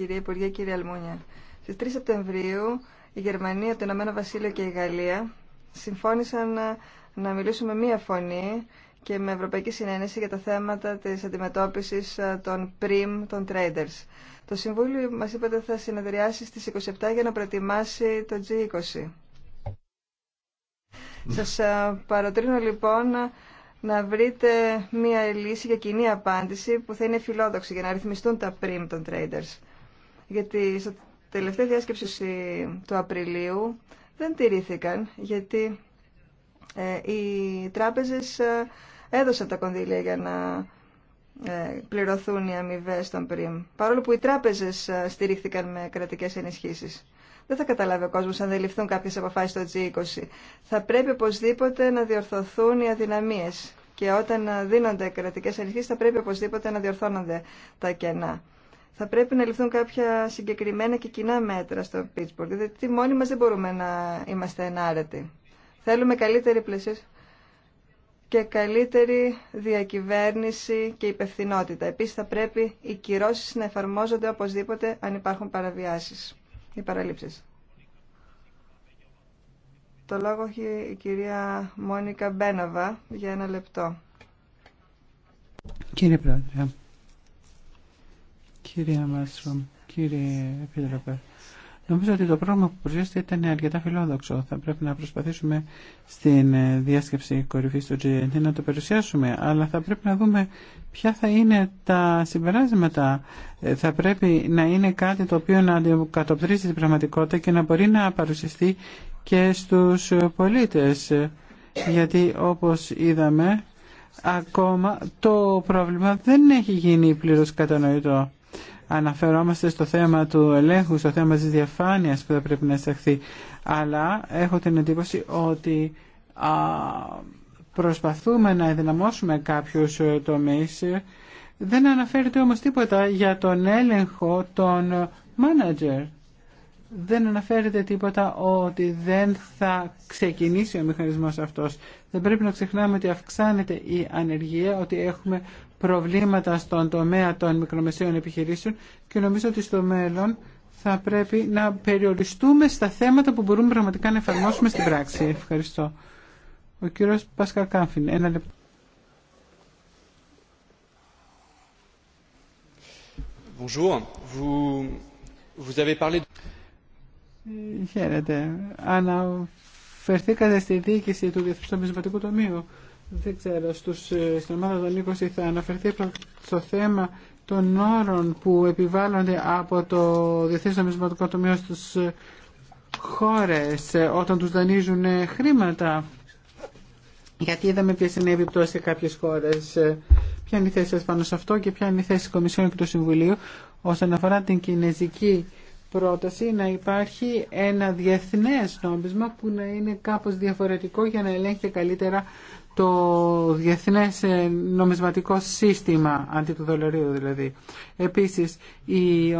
κυρία Υπουργέ, κύριε Αλμούνια. Στις 3 Σεπτεμβρίου η Γερμανία, το Ηνωμένο Βασίλειο και η Γαλλία συμφώνησαν να, να μιλήσουμε μία φωνή και με ευρωπαϊκή συνένεση για τα θέματα της αντιμετώπισης ε, των πριμ, των traders. Το Συμβούλιο μας είπε ότι θα συνεδριάσει στις 27 για να προετοιμάσει το G20. Σας ε, παροτρύνω λοιπόν να βρείτε μία λύση για κοινή απάντηση που θα είναι φιλόδοξη για να ρυθμιστούν τα πριμ των traders γιατί στα τελευταία διάσκεψη του Απριλίου δεν τηρήθηκαν, γιατί ε, οι τράπεζες ε, έδωσαν τα κονδύλια για να ε, πληρωθούν οι αμοιβέ των ΠΡΙΜ, παρόλο που οι τράπεζες στηρίχθηκαν με κρατικές ενισχύσεις. Δεν θα καταλάβει ο κόσμος αν δεν ληφθούν κάποιες αποφάσεις στο G20. Θα πρέπει οπωσδήποτε να διορθωθούν οι αδυναμίες και όταν δίνονται κρατικές ενισχύσεις θα πρέπει οπωσδήποτε να διορθώνονται τα κενά θα πρέπει να ληφθούν κάποια συγκεκριμένα και κοινά μέτρα στο Pittsburgh, διότι μόνοι μας δεν μπορούμε να είμαστε ενάρετοι. Θέλουμε καλύτερη πλαίσια και καλύτερη διακυβέρνηση και υπευθυνότητα. Επίσης θα πρέπει οι κυρώσεις να εφαρμόζονται οπωσδήποτε αν υπάρχουν παραβιάσεις ή παραλήψεις. Το λόγο έχει η κυρία Μόνικα Μπέναβα για ένα λεπτό. Κύριε Πρόεδρε, Κύριε Μάστρομ, κύριε Επίτροπε, νομίζω ότι το πρόγραμμα που προσφέρετε ήταν αρκετά φιλόδοξο. Θα πρέπει να προσπαθήσουμε στην ε, διάσκεψη κορυφή του g να το παρουσιάσουμε, αλλά θα πρέπει να δούμε ποια θα είναι τα συμπεράσματα. Ε, θα πρέπει να είναι κάτι το οποίο να αντικατοπτρίζει την πραγματικότητα και να μπορεί να παρουσιαστεί και στους πολίτες. Γιατί όπως είδαμε, ακόμα το πρόβλημα δεν έχει γίνει πλήρως κατανοητό αναφερόμαστε στο θέμα του ελέγχου, στο θέμα της διαφάνειας που θα πρέπει να εισαχθεί. Αλλά έχω την εντύπωση ότι προσπαθούμε να ενδυναμώσουμε κάποιους ε, τομείς. Δεν αναφέρεται όμως τίποτα για τον έλεγχο των manager. Δεν αναφέρεται τίποτα ότι δεν θα ξεκινήσει ο μηχανισμός αυτός. Δεν πρέπει να ξεχνάμε ότι αυξάνεται η ανεργία, ότι έχουμε προβλήματα στον τομέα των μικρομεσαίων επιχειρήσεων και νομίζω ότι στο μέλλον θα πρέπει να περιοριστούμε στα θέματα που μπορούμε πραγματικά να εφαρμόσουμε στην πράξη. Ευχαριστώ. Ο κύριος Πάσκα Κάμφιν, ένα λεπτό. Bonjour. Vous, vous avez parlé... Χαίρετε. Αναφερθήκατε στη διοίκηση του Διεθνούς Νομισματικού Τομείου δεν ξέρω, στους, ε, στην ομάδα των 20 θα αναφερθεί στο θέμα των όρων που επιβάλλονται από το Διεθνές Νομισματικό Τομείο στους ε, χώρες ε, όταν τους δανείζουν χρήματα. Γιατί είδαμε ποιες είναι οι επιπτώσεις σε κάποιες χώρες. Ποια είναι η θέση σας πάνω σε αυτό και ποια είναι η θέση της Κομισιόν και του Συμβουλίου όσον αφορά την κινέζικη πρόταση να υπάρχει ένα διεθνές νόμισμα που να είναι κάπως διαφορετικό για να ελέγχεται καλύτερα το διεθνές ε, νομισματικό σύστημα αντί του δολαρίου δηλαδή. Επίσης η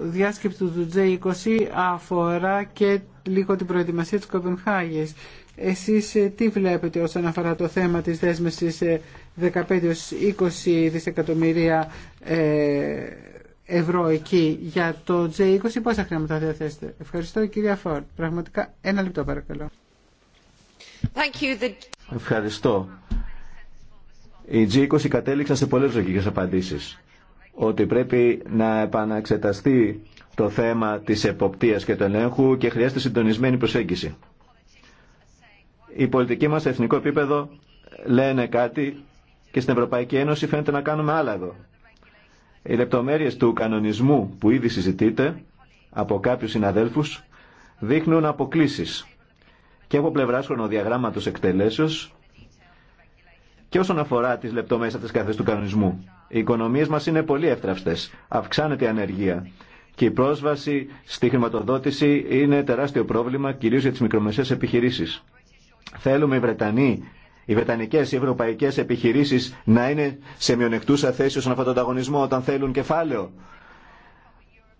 διάσκεψη του G20 αφορά και λίγο την προετοιμασία της Κοπενχάγης. Εσείς ε, τι βλέπετε όσον αφορά το θέμα της δέσμευσης 15-20 ε, δισεκατομμυρία ευρώ εκεί για το J20 πόσα χρήματα θα διαθέσετε. Ευχαριστώ κυρία Φόρτ. Πραγματικά ένα λεπτό παρακαλώ. Thank Ευχαριστώ. Η G20 κατέληξαν σε πολλές λογικές απαντήσεις. Ότι πρέπει να επαναξεταστεί το θέμα της εποπτείας και του ελέγχου και χρειάζεται συντονισμένη προσέγγιση. Η πολιτική μας σε εθνικό επίπεδο λένε κάτι και στην Ευρωπαϊκή Ένωση φαίνεται να κάνουμε άλλα εδώ. Οι λεπτομέρειες του κανονισμού που ήδη συζητείτε από κάποιους συναδέλφους δείχνουν αποκλίσεις. και από πλευράς χρονοδιαγράμματος εκτελέσεως και όσον αφορά τις λεπτομέρειες αυτές καθές του κανονισμού. Οι οικονομίες μας είναι πολύ εύτραυστες. Αυξάνεται η ανεργία και η πρόσβαση στη χρηματοδότηση είναι τεράστιο πρόβλημα κυρίως για τις μικρομεσαίες επιχειρήσεις. Θέλουμε οι Βρετανοί οι βρετανικέ ή ευρωπαϊκέ επιχειρήσει να είναι σε μειονεκτούσα θέση όσον αφορά τον ανταγωνισμό όταν θέλουν κεφάλαιο.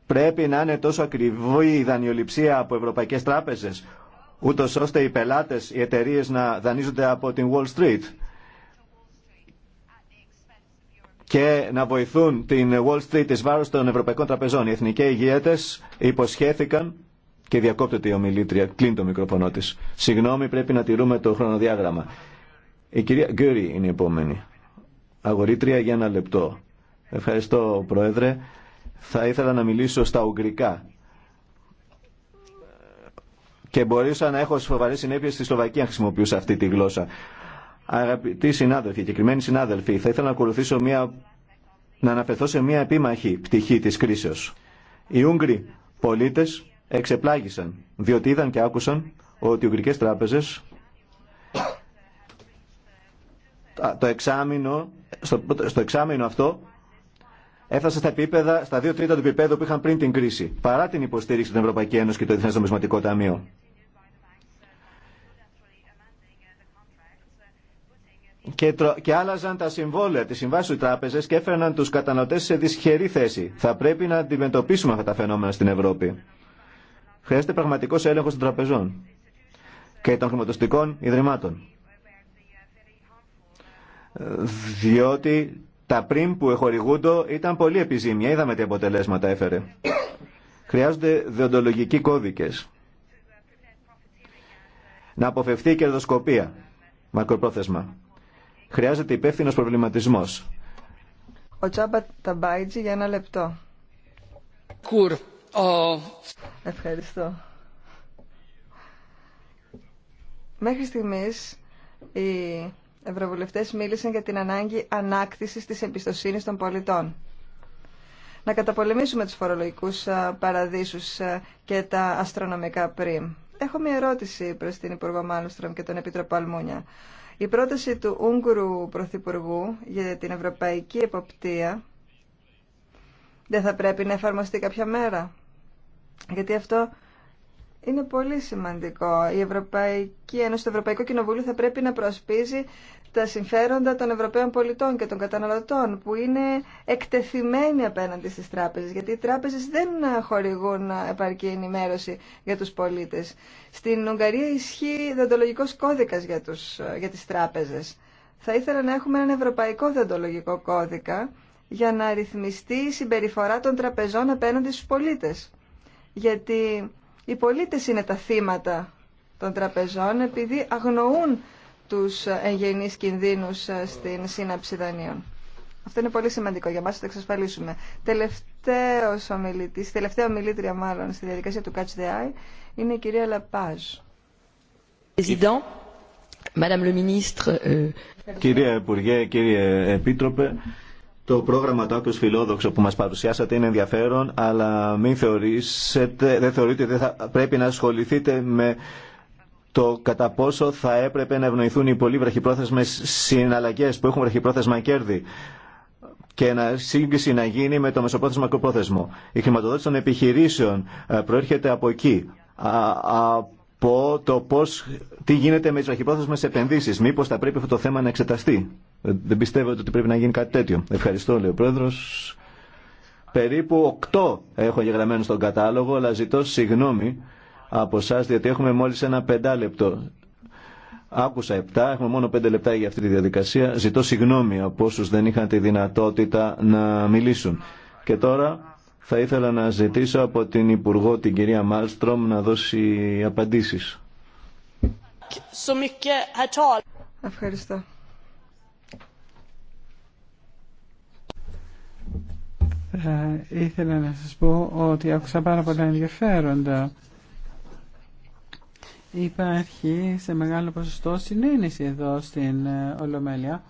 Πρέπει να είναι τόσο ακριβή οι ευρωπαϊκέ επιχειρήσει να είναι σε μειονεκτούσα θέση όσον αφορά τον ανταγωνισμό όταν θέλουν κεφάλαιο. Πρέπει να είναι τόσο ακριβή η δανειοληψία από ευρωπαϊκέ τράπεζε, ούτω ώστε οι πελάτε, οι εταιρείε να δανείζονται από την Wall Street και να βοηθούν την Wall Street εις βάρος των Ευρωπαϊκών Τραπεζών. Οι εθνικοί ηγέτες υποσχέθηκαν και διακόπτεται η ομιλήτρια, κλείνει το μικροφωνό τη. Συγγνώμη, πρέπει να τηρούμε το χρονοδιάγραμμα. Η κυρία Γκέρι είναι η επόμενη. Αγορήτρια για ένα λεπτό. Ευχαριστώ, Πρόεδρε. Θα ήθελα να μιλήσω στα ουγγρικά. Και μπορούσα να έχω σοβαρέ συνέπειε στη Σλοβακία αν χρησιμοποιούσα αυτή τη γλώσσα. Αγαπητοί συνάδελφοι, συγκεκριμένοι συνάδελφοι, θα ήθελα να ακολουθήσω μια. να αναφερθώ σε μια επίμαχη πτυχή τη κρίσεω. Οι Ούγγροι πολίτε εξεπλάγησαν, διότι είδαν και άκουσαν ότι οι Ουγγρικές τράπεζε. το εξάμεινο, στο, στο εξάμεινο αυτό έφτασε στα επίπεδα, στα δύο τρίτα του επίπεδου που είχαν πριν την κρίση, παρά την υποστήριξη των Ευρωπαϊκή Ένωση και το Διεθνές Νομισματικό Ταμείο. Και, τρο, άλλαζαν τα συμβόλαια, τις συμβάσεις του τράπεζες και έφεραν τους καταναλωτές σε δυσχερή θέση. Θα πρέπει να αντιμετωπίσουμε αυτά τα φαινόμενα στην Ευρώπη. Χρειάζεται πραγματικός έλεγχος των τραπεζών και των χρηματοστικών ιδρυμάτων διότι τα πριν που εχορηγούντο ήταν πολύ επιζήμια. Είδαμε τι αποτελέσματα έφερε. Χρειάζονται διοντολογικοί κώδικες. Να αποφευθεί η κερδοσκοπία, μακροπρόθεσμα. Χρειάζεται υπεύθυνο προβληματισμός. Ο Τσάμπα Ταμπάιτζη για ένα λεπτό. Κουρ. Ευχαριστώ. Μέχρι στιγμής η ευρωβουλευτές μίλησαν για την ανάγκη ανάκτησης της εμπιστοσύνη των πολιτών. Να καταπολεμήσουμε του φορολογικούς παραδείσου και τα αστρονομικά πριμ. Έχω μια ερώτηση προς την Υπουργό Μάλουστρομ και τον Επίτροπο Αλμούνια. Η πρόταση του Ούγγρου Πρωθυπουργού για την Ευρωπαϊκή Εποπτεία δεν θα πρέπει να εφαρμοστεί κάποια μέρα. Γιατί αυτό είναι πολύ σημαντικό. Η Ευρωπαϊκή Ένωση, το Ευρωπαϊκό Κοινοβούλιο θα πρέπει να προσπίζει τα συμφέροντα των Ευρωπαίων πολιτών και των καταναλωτών που είναι εκτεθειμένοι απέναντι στις τράπεζες γιατί οι τράπεζες δεν χορηγούν επαρκή ενημέρωση για τους πολίτες. Στην Ουγγαρία ισχύει δεντολογικός κώδικας για, τους, για τις τράπεζες. Θα ήθελα να έχουμε έναν ευρωπαϊκό δεντολογικό κώδικα για να ρυθμιστεί η συμπεριφορά των τραπεζών απέναντι στους πολίτες. Γιατί οι πολίτες είναι τα θύματα των τραπεζών επειδή αγνοούν τους εγγενείς κινδύνους ε, στην σύναψη δανείων. Αυτό είναι πολύ σημαντικό για μας, θα το εξασφαλίσουμε. Τελευταίος ομιλητής, τελευταία ομιλήτρια μάλλον στη διαδικασία του Catch the Eye είναι η κυρία Λαπάζ. Ε, κυρία Υπουργέ, κύριε Επίτροπε, το πρόγραμμα το άκρο φιλόδοξο που μα παρουσιάσατε είναι ενδιαφέρον, αλλά μην θεωρήσετε, δεν θεωρείτε ότι πρέπει να ασχοληθείτε με το κατά πόσο θα έπρεπε να ευνοηθούν οι πολύ βραχυπρόθεσμε συναλλαγέ που έχουν βραχυπρόθεσμα κέρδη και να σύγκριση να γίνει με το μεσοπρόθεσμο πρόθεσμο. Η χρηματοδότηση των επιχειρήσεων ε, προέρχεται από εκεί, από το πώς, τι γίνεται με τις βραχυπρόθεσμες επενδύσεις. Μήπως θα πρέπει αυτό το θέμα να εξεταστεί. Ε, δεν πιστεύετε ότι πρέπει να γίνει κάτι τέτοιο. Ευχαριστώ, λέει ο Πρόεδρο. Περίπου 8 έχω γεγραμμένου στον κατάλογο, αλλά ζητώ συγγνώμη από εσά, διότι έχουμε μόλι ένα πεντάλεπτο. Άκουσα 7, έχουμε μόνο 5 λεπτά για αυτή τη διαδικασία. Ζητώ συγγνώμη από όσου δεν είχαν τη δυνατότητα να μιλήσουν. Και τώρα θα ήθελα να ζητήσω από την Υπουργό, την κυρία Μάλστρομ, να δώσει απαντήσεις. Ευχαριστώ. Θα ε, ήθελα να σας πω ότι άκουσα πάρα πολλά ενδιαφέροντα. Υπάρχει σε μεγάλο ποσοστό συνένεση εδώ στην ε, Ολομέλεια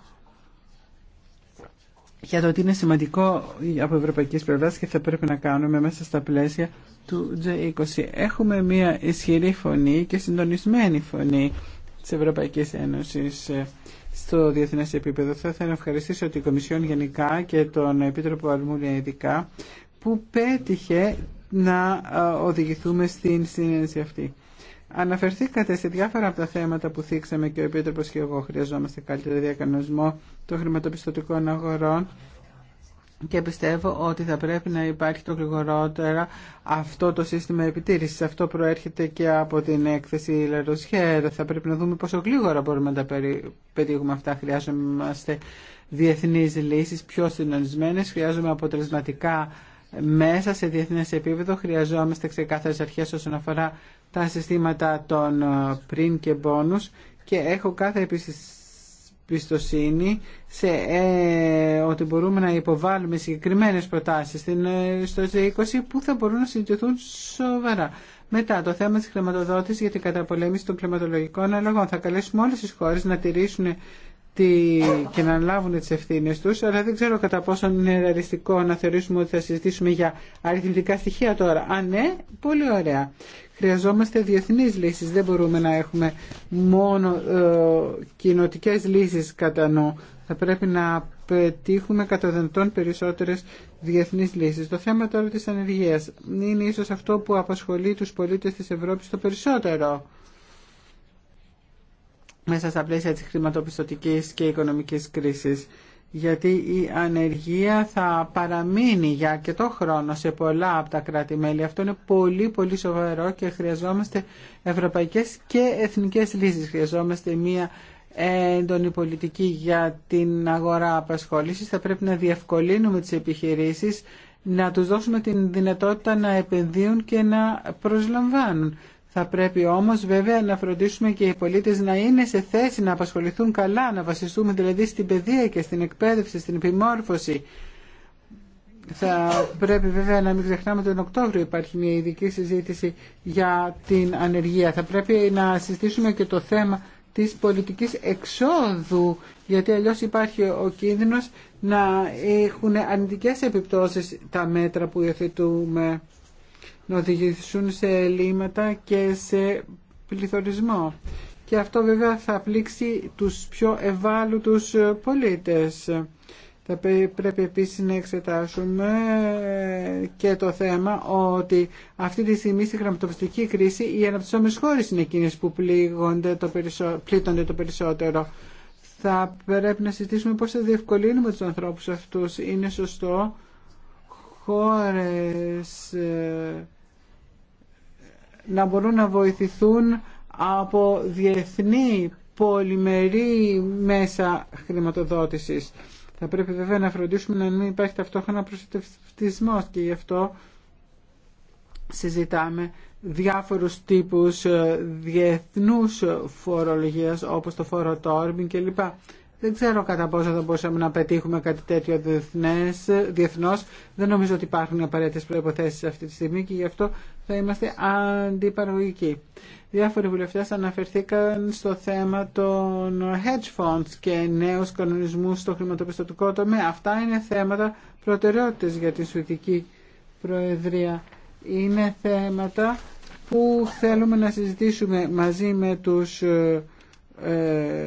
για το ότι είναι σημαντικό από ευρωπαϊκή πλευρά και θα πρέπει να κάνουμε μέσα στα πλαίσια του G20. Έχουμε μια ισχυρή φωνή και συντονισμένη φωνή της Ευρωπαϊκής Ένωσης ε, στο διεθνέ επίπεδο. Θα ήθελα να ευχαριστήσω την Κομισιόν γενικά και τον Επίτροπο Αλμούνια ειδικά που πέτυχε να οδηγηθούμε στην συνέντευξη αυτή. Αναφερθήκατε σε διάφορα από τα θέματα που θίξαμε και ο Επίτροπος και εγώ χρειαζόμαστε καλύτερο διακανονισμό των χρηματοπιστωτικών αγορών και πιστεύω ότι θα πρέπει να υπάρχει το γρηγορότερα αυτό το σύστημα επιτήρησης. Αυτό προέρχεται και από την έκθεση Λεροσχέρ. Θα πρέπει να δούμε πόσο γρήγορα μπορούμε να τα πετύχουμε αυτά. Χρειάζομαστε διεθνείς λύσεις πιο συντονισμένες, χρειάζομαι αποτελεσματικά μέσα σε διεθνέ επίπεδο, χρειαζόμαστε ξεκάθαρε αρχέ όσον αφορά τα συστήματα των ε, πριν και πόνου. και έχω κάθε πιστοσύνη σε, ε, ότι μπορούμε να υποβάλουμε συγκεκριμένες προτάσεις στην, ε, στο 20 που θα μπορούν να συζητηθούν σοβαρά. Μετά το θέμα της χρηματοδότησης για την καταπολέμηση των κλιματολογικών αλλαγών. Θα καλέσουμε όλες τις χώρες να τηρήσουν και να λάβουν τις ευθύνες τους, αλλά δεν ξέρω κατά πόσο είναι ρεαλιστικό να θεωρήσουμε ότι θα συζητήσουμε για αριθμητικά στοιχεία τώρα. Αν ναι, πολύ ωραία. Χρειαζόμαστε διεθνείς λύσεις. Δεν μπορούμε να έχουμε μόνο ε, κοινοτικέ λύσεις κατά νου. Θα πρέπει να πετύχουμε κατά δυνατόν περισσότερες διεθνείς λύσεις. Το θέμα τώρα της ανεργίας είναι ίσως αυτό που απασχολεί τους πολίτες της Ευρώπης το περισσότερο μέσα στα πλαίσια της χρηματοπιστωτικής και οικονομικής κρίσης. Γιατί η ανεργία θα παραμείνει για αρκετό χρόνο σε πολλά από τα κράτη-μέλη. Αυτό είναι πολύ πολύ σοβαρό και χρειαζόμαστε ευρωπαϊκές και εθνικές λύσεις. Χρειαζόμαστε μια έντονη πολιτική για την αγορά απασχόλησης. Θα πρέπει να διευκολύνουμε τις επιχειρήσεις, να τους δώσουμε την δυνατότητα να επενδύουν και να προσλαμβάνουν. Θα πρέπει όμως βέβαια να φροντίσουμε και οι πολίτες να είναι σε θέση να απασχοληθούν καλά, να βασιστούμε δηλαδή στην παιδεία και στην εκπαίδευση, στην επιμόρφωση. Θα πρέπει βέβαια να μην ξεχνάμε τον Οκτώβριο υπάρχει μια ειδική συζήτηση για την ανεργία. Θα πρέπει να συζητήσουμε και το θέμα της πολιτικής εξόδου, γιατί αλλιώς υπάρχει ο κίνδυνος να έχουν αρνητικές επιπτώσεις τα μέτρα που υιοθετούμε να οδηγηθούν σε ελλείμματα και σε πληθωρισμό. Και αυτό βέβαια θα πλήξει τους πιο ευάλωτους πολίτες. Θα πρέπει επίσης να εξετάσουμε ε, και το θέμα ότι αυτή τη στιγμή στη χρηματοπιστική κρίση οι αναπτυσσόμενες χώρες είναι εκείνες που το πλήττονται το περισσότερο. Θα πρέπει να συζητήσουμε πώς θα διευκολύνουμε τους ανθρώπους αυτούς. Είναι σωστό χώρες ε, να μπορούν να βοηθηθούν από διεθνή πολυμερή μέσα χρηματοδότησης. Θα πρέπει βέβαια να φροντίσουμε να μην υπάρχει ταυτόχρονα προστατευτισμός και γι' αυτό συζητάμε διάφορους τύπους ε, διεθνούς φορολογίας όπως το φόρο και κλπ. Δεν ξέρω κατά πόσο θα μπορούσαμε να πετύχουμε κάτι τέτοιο διεθνώ. διεθνώς. Δεν νομίζω ότι υπάρχουν απαραίτητε προϋποθέσεις αυτή τη στιγμή και γι' αυτό θα είμαστε αντιπαραγωγικοί. Διάφοροι βουλευτές αναφερθήκαν στο θέμα των hedge funds και νέου κανονισμού στο χρηματοπιστωτικό τομέα. Αυτά είναι θέματα προτεραιότητε για τη Σουηδική Προεδρία. Είναι θέματα που θέλουμε να συζητήσουμε μαζί με τους ε, ε,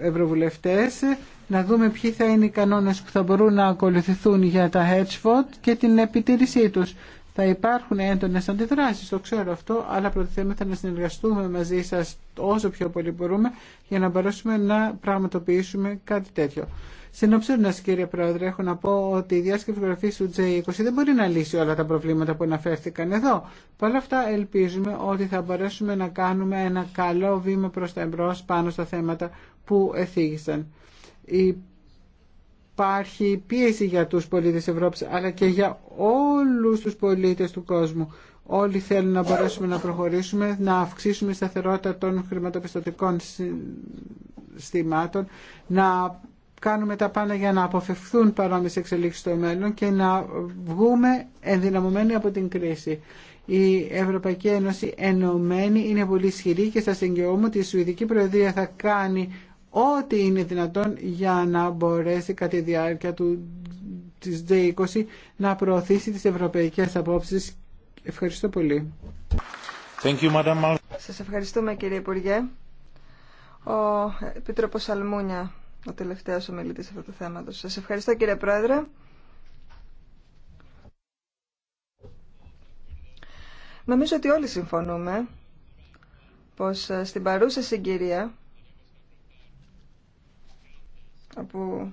ευρωβουλευτές να δούμε ποιοι θα είναι οι κανόνες που θα μπορούν να ακολουθηθούν για τα hedge fund και την επιτήρησή τους. Θα υπάρχουν έντονες αντιδράσεις, το ξέρω αυτό, αλλά προτιθέμεθα να συνεργαστούμε μαζί σας όσο πιο πολύ μπορούμε για να μπορέσουμε να πραγματοποιήσουμε κάτι τέτοιο. Συνοψίζοντα, κύριε Πρόεδρε, έχω να πω ότι η διάσκεψη γραφή του J20 δεν μπορεί να λύσει όλα τα προβλήματα που αναφέρθηκαν εδώ. Παρ' όλα αυτά, ελπίζουμε ότι θα μπορέσουμε να κάνουμε ένα καλό βήμα προ τα εμπρό πάνω στα θέματα που εθίγησαν. Υπάρχει πίεση για τους πολίτες Ευρώπης αλλά και για όλους τους πολίτες του κόσμου. Όλοι θέλουν να μπορέσουμε να προχωρήσουμε, να αυξήσουμε σταθερότητα των χρηματοπιστωτικών συστημάτων, να κάνουμε τα πάντα για να αποφευθούν παρόμοιες εξελίξεις στο μέλλον και να βγούμε ενδυναμωμένοι από την κρίση. Η Ευρωπαϊκή Ένωση ενωμένη είναι πολύ ισχυρή και σας εγγυώμαι ότι η Σουηδική Προεδρία θα κάνει ό,τι είναι δυνατόν για να μπορέσει κατά τη διάρκεια του, της G20 να προωθήσει τις ευρωπαϊκές απόψεις. Ευχαριστώ πολύ. Thank you, Madam. Σας ευχαριστούμε κύριε Υπουργέ. Ο Επίτροπος Αλμούνια ο τελευταίος ομιλητής αυτού του θέματος. Σας ευχαριστώ κύριε Πρόεδρε. Νομίζω ότι όλοι συμφωνούμε πως ε, στην παρούσα συγκυρία όπου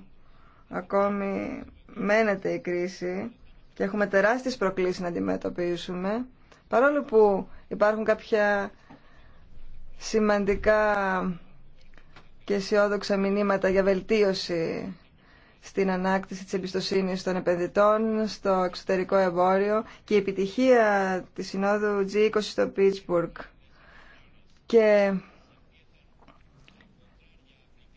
ακόμη μένεται η κρίση και έχουμε τεράστιες προκλήσεις να αντιμετωπίσουμε παρόλο που υπάρχουν κάποια σημαντικά και αισιόδοξα μηνύματα για βελτίωση στην ανάκτηση της εμπιστοσύνη των επενδυτών στο εξωτερικό εμπόριο και η επιτυχία της Συνόδου G20 στο Πίτσμπουργκ. Και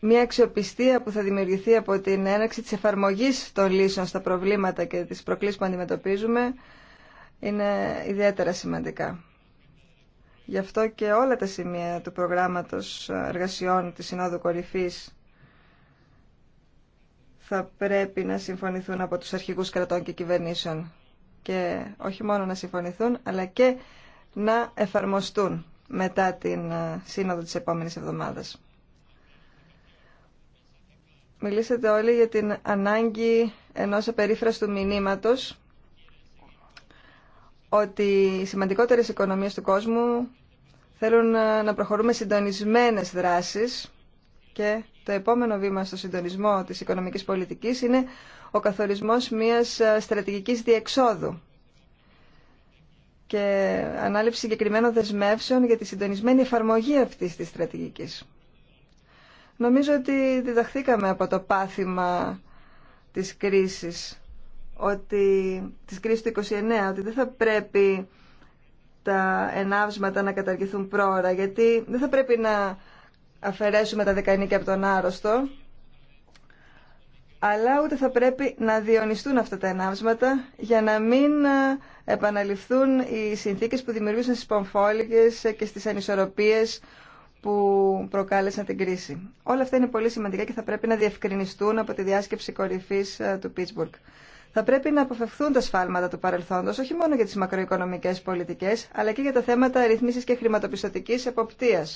μια αξιοπιστία που θα δημιουργηθεί από την έναρξη της εφαρμογής των λύσεων στα προβλήματα και τις προκλήσεις που αντιμετωπίζουμε είναι ιδιαίτερα σημαντικά. Γι' αυτό και όλα τα σημεία του προγράμματος εργασιών της Συνόδου Κορυφής θα πρέπει να συμφωνηθούν από τους αρχικούς κρατών και κυβερνήσεων. Και όχι μόνο να συμφωνηθούν, αλλά και να εφαρμοστούν μετά την ε, σύνοδο της επόμενης εβδομάδας. Μιλήσατε όλοι για την ανάγκη ενός απερίφραστου μηνύματος ότι οι σημαντικότερες οικονομίες του κόσμου θέλουν ε, να προχωρούμε συντονισμένες δράσεις και το επόμενο βήμα στο συντονισμό της οικονομικής πολιτικής είναι ο καθορισμός μιας ε, στρατηγικής διεξόδου και ανάληψη συγκεκριμένων δεσμεύσεων για τη συντονισμένη εφαρμογή αυτής της στρατηγικής. Νομίζω ότι διδαχθήκαμε από το πάθημα της κρίσης ότι της κρίσης του 1929 ότι δεν θα πρέπει τα ενάυσματα να καταργηθούν πρόωρα γιατί δεν θα πρέπει να αφαιρέσουμε τα δεκαενίκια από τον άρρωστο αλλά ούτε θα πρέπει να διονυστούν αυτά τα ενάυσματα για να μην ε, επαναληφθούν οι συνθήκες που δημιουργούσαν στις πομφόλικες ε, και στις ανισορροπίες που προκάλεσαν την κρίση. Όλα αυτά είναι πολύ σημαντικά και θα πρέπει να διευκρινιστούν από τη διάσκεψη κορυφής ε, του Πίτσμπουργκ. Θα πρέπει να αποφευθούν τα σφάλματα του παρελθόντο, όχι μόνο για τι μακροοικονομικέ πολιτικέ, αλλά και για τα θέματα ρυθμίση και χρηματοπιστωτική εποπτεία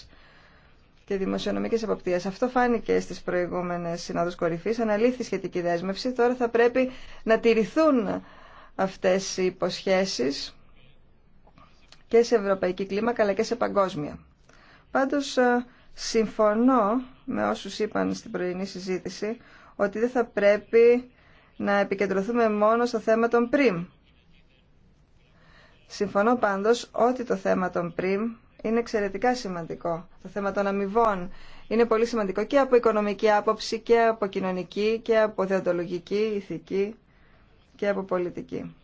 και δημοσιονομική εποπτεία. Αυτό φάνηκε στι προηγούμενε συνόδου κορυφή. Αναλύθη σχετική δέσμευση. Τώρα θα πρέπει να τηρηθούν αυτέ οι υποσχέσει και σε ευρωπαϊκή κλίμακα αλλά και σε παγκόσμια. Πάντως ε, συμφωνώ με όσους είπαν στην πρωινή συζήτηση ότι δεν θα πρέπει να επικεντρωθούμε μόνο στο θέμα των πριμ. Συμφωνώ πάντως ότι το θέμα των πριμ είναι εξαιρετικά σημαντικό. Το θέμα των αμοιβών είναι πολύ σημαντικό και από οικονομική άποψη και από κοινωνική και από διοντολογική, ηθική και από πολιτική.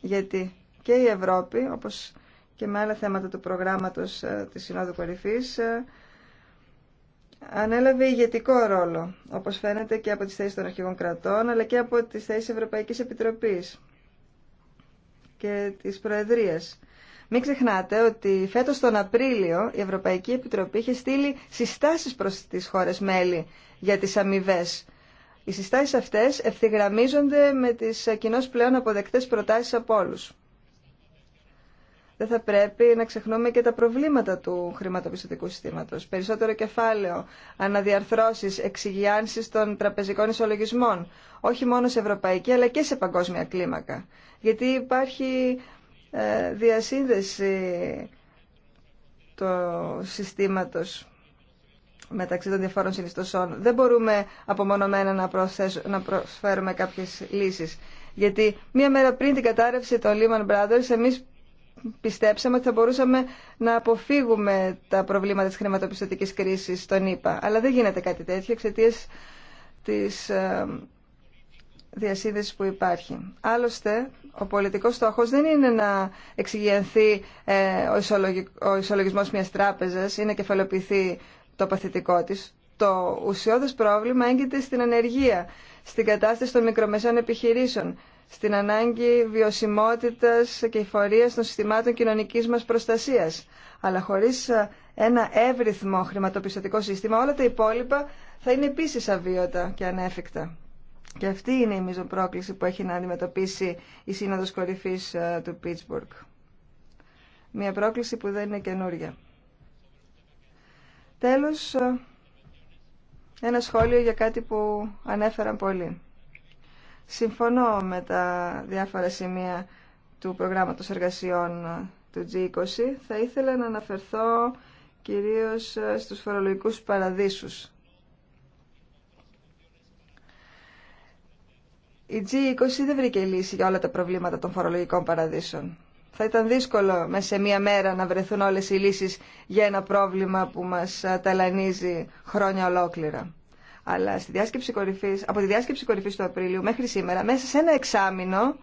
Γιατί και η Ευρώπη, όπως και με άλλα θέματα του προγράμματος ε, της Συνόδου Κορυφής, ε, ανέλαβε ηγετικό ρόλο, όπως φαίνεται και από τις θέσεις των αρχηγών κρατών, αλλά και από τις θέσεις Ευρωπαϊκής Επιτροπής και της Προεδρίας. Μην ξεχνάτε ότι φέτος τον Απρίλιο η Ευρωπαϊκή Επιτροπή είχε στείλει συστάσεις προς τις χώρες μέλη για τις αμοιβέ. Οι συστάσεις αυτές ευθυγραμμίζονται με τις κοινώς πλέον αποδεκτές προτάσεις από όλους δεν θα πρέπει να ξεχνούμε και τα προβλήματα του χρηματοπιστωτικού συστήματος. Περισσότερο κεφάλαιο, αναδιαρθρώσεις, εξηγιάνσει των τραπεζικών ισολογισμών, όχι μόνο σε ευρωπαϊκή αλλά και σε παγκόσμια κλίμακα. Γιατί υπάρχει ε, διασύνδεση του συστήματος μεταξύ των διαφόρων συνιστοσών. Δεν μπορούμε απομονωμένα να, να προσφέρουμε κάποιες λύσεις. Γιατί μία μέρα πριν την κατάρρευση των Lehman Brothers, εμείς πιστέψαμε ότι θα μπορούσαμε να αποφύγουμε τα προβλήματα της χρηματοπιστωτικής κρίσης στον ΗΠΑ. Αλλά δεν γίνεται κάτι τέτοιο εξαιτία της ε, διασύνδεσης που υπάρχει. Άλλωστε, ο πολιτικός στόχος δεν είναι να εξηγενθεί ε, ο ισολογισμός μιας τράπεζας ή να κεφαλοποιηθεί το παθητικό της. Το ουσιώδες πρόβλημα έγκυται στην ανεργία, στην κατάσταση των μικρομεσαίων επιχειρήσεων, στην ανάγκη βιωσιμότητας και εφορίας των συστημάτων κοινωνικής μας προστασίας. Αλλά χωρίς ε, ένα εύρυθμο χρηματοπιστωτικό σύστημα όλα τα υπόλοιπα θα είναι επίσης αβίωτα και ανέφικτα. Και αυτή είναι η μείζον πρόκληση που έχει να αντιμετωπίσει η Σύνοδος Κορυφής ε, του Πίτσμπουργκ. Μια πρόκληση που δεν είναι καινούρια. Τέλος, ε, ένα σχόλιο για κάτι που ανέφεραν πολλοί. Συμφωνώ με τα διάφορα σημεία του προγράμματος εργασιών του G20. Θα ήθελα να αναφερθώ κυρίως στους φορολογικούς παραδείσους. Η G20 δεν βρήκε λύση για όλα τα προβλήματα των φορολογικών παραδείσων. Θα ήταν δύσκολο μέσα σε μία μέρα να βρεθούν όλες οι λύσεις για ένα πρόβλημα που μας ταλανίζει χρόνια ολόκληρα. Αλλά στη διάσκεψη κορυφής, από τη διάσκεψη κορυφή του Απρίλιο μέχρι σήμερα, μέσα σε ένα εξάμεινο,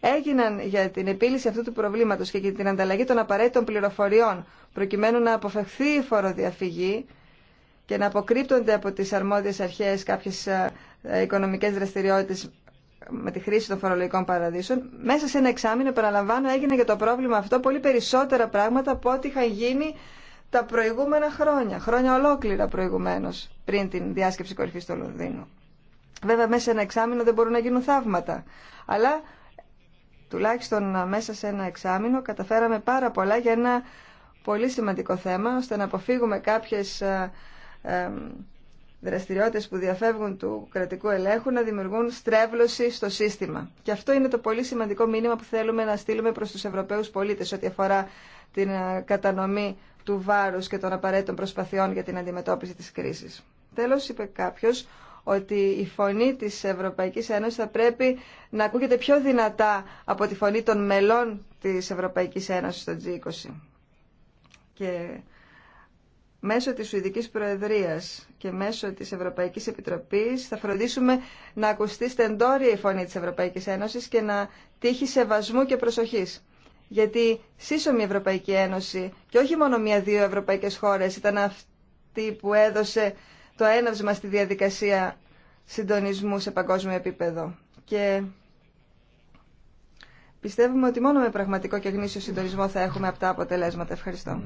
έγιναν για την επίλυση αυτού του προβλήματο και για την ανταλλαγή των απαραίτητων πληροφοριών, προκειμένου να αποφευχθεί η φοροδιαφυγή και να αποκρύπτονται από τι αρμόδιε αρχέ κάποιε οικονομικέ δραστηριότητε με τη χρήση των φορολογικών παραδείσων, μέσα σε ένα εξάμεινο, επαναλαμβάνω, έγινε για το πρόβλημα αυτό πολύ περισσότερα πράγματα από ό,τι είχαν γίνει τα προηγούμενα χρόνια, χρόνια ολόκληρα προηγουμένω, πριν την διάσκεψη κορυφή στο Λονδίνο. Βέβαια, μέσα σε ένα εξάμεινο δεν μπορούν να γίνουν θαύματα. Αλλά τουλάχιστον μέσα σε ένα εξάμεινο καταφέραμε πάρα πολλά για ένα πολύ σημαντικό θέμα, ώστε να αποφύγουμε κάποιε ε, δραστηριότητε που διαφεύγουν του κρατικού ελέγχου να δημιουργούν στρέβλωση στο σύστημα. Και αυτό είναι το πολύ σημαντικό μήνυμα που θέλουμε να στείλουμε προ του Ευρωπαίου πολίτε ό,τι αφορά την ε, κατανομή του βάρους και των απαραίτητων προσπαθειών για την αντιμετώπιση της κρίσης. Τέλος, είπε κάποιος ότι η φωνή της Ευρωπαϊκής Ένωσης θα πρέπει να ακούγεται πιο δυνατά από τη φωνή των μελών της Ευρωπαϊκής Ένωσης στο G20. Και μέσω της Σουηδικής Προεδρίας και μέσω της Ευρωπαϊκής Επιτροπής θα φροντίσουμε να ακουστεί στεντόρια η φωνή της Ευρωπαϊκής Ένωσης και να τύχει σεβασμού και προσοχής γιατί σύσσωμη η Ευρωπαϊκή Ένωση και όχι μόνο μία-δύο ευρωπαϊκές χώρες ήταν αυτή που έδωσε το έναυσμα στη διαδικασία συντονισμού σε παγκόσμιο επίπεδο. Και πιστεύουμε ότι μόνο με πραγματικό και γνήσιο συντονισμό θα έχουμε αυτά αποτελέσματα. Ευχαριστώ.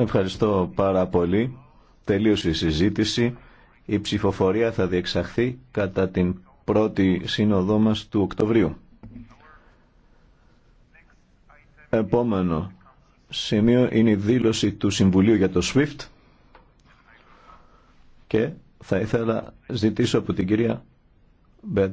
Ευχαριστώ πάρα πολύ. Τελείωσε η συζήτηση. Η ψηφοφορία θα διεξαχθεί κατά την πρώτη σύνοδό μας του Οκτωβρίου. Επόμενο σημείο είναι η δήλωση του Συμβουλίου για το SWIFT και θα ήθελα ζητήσω από την κυρία Μπέτ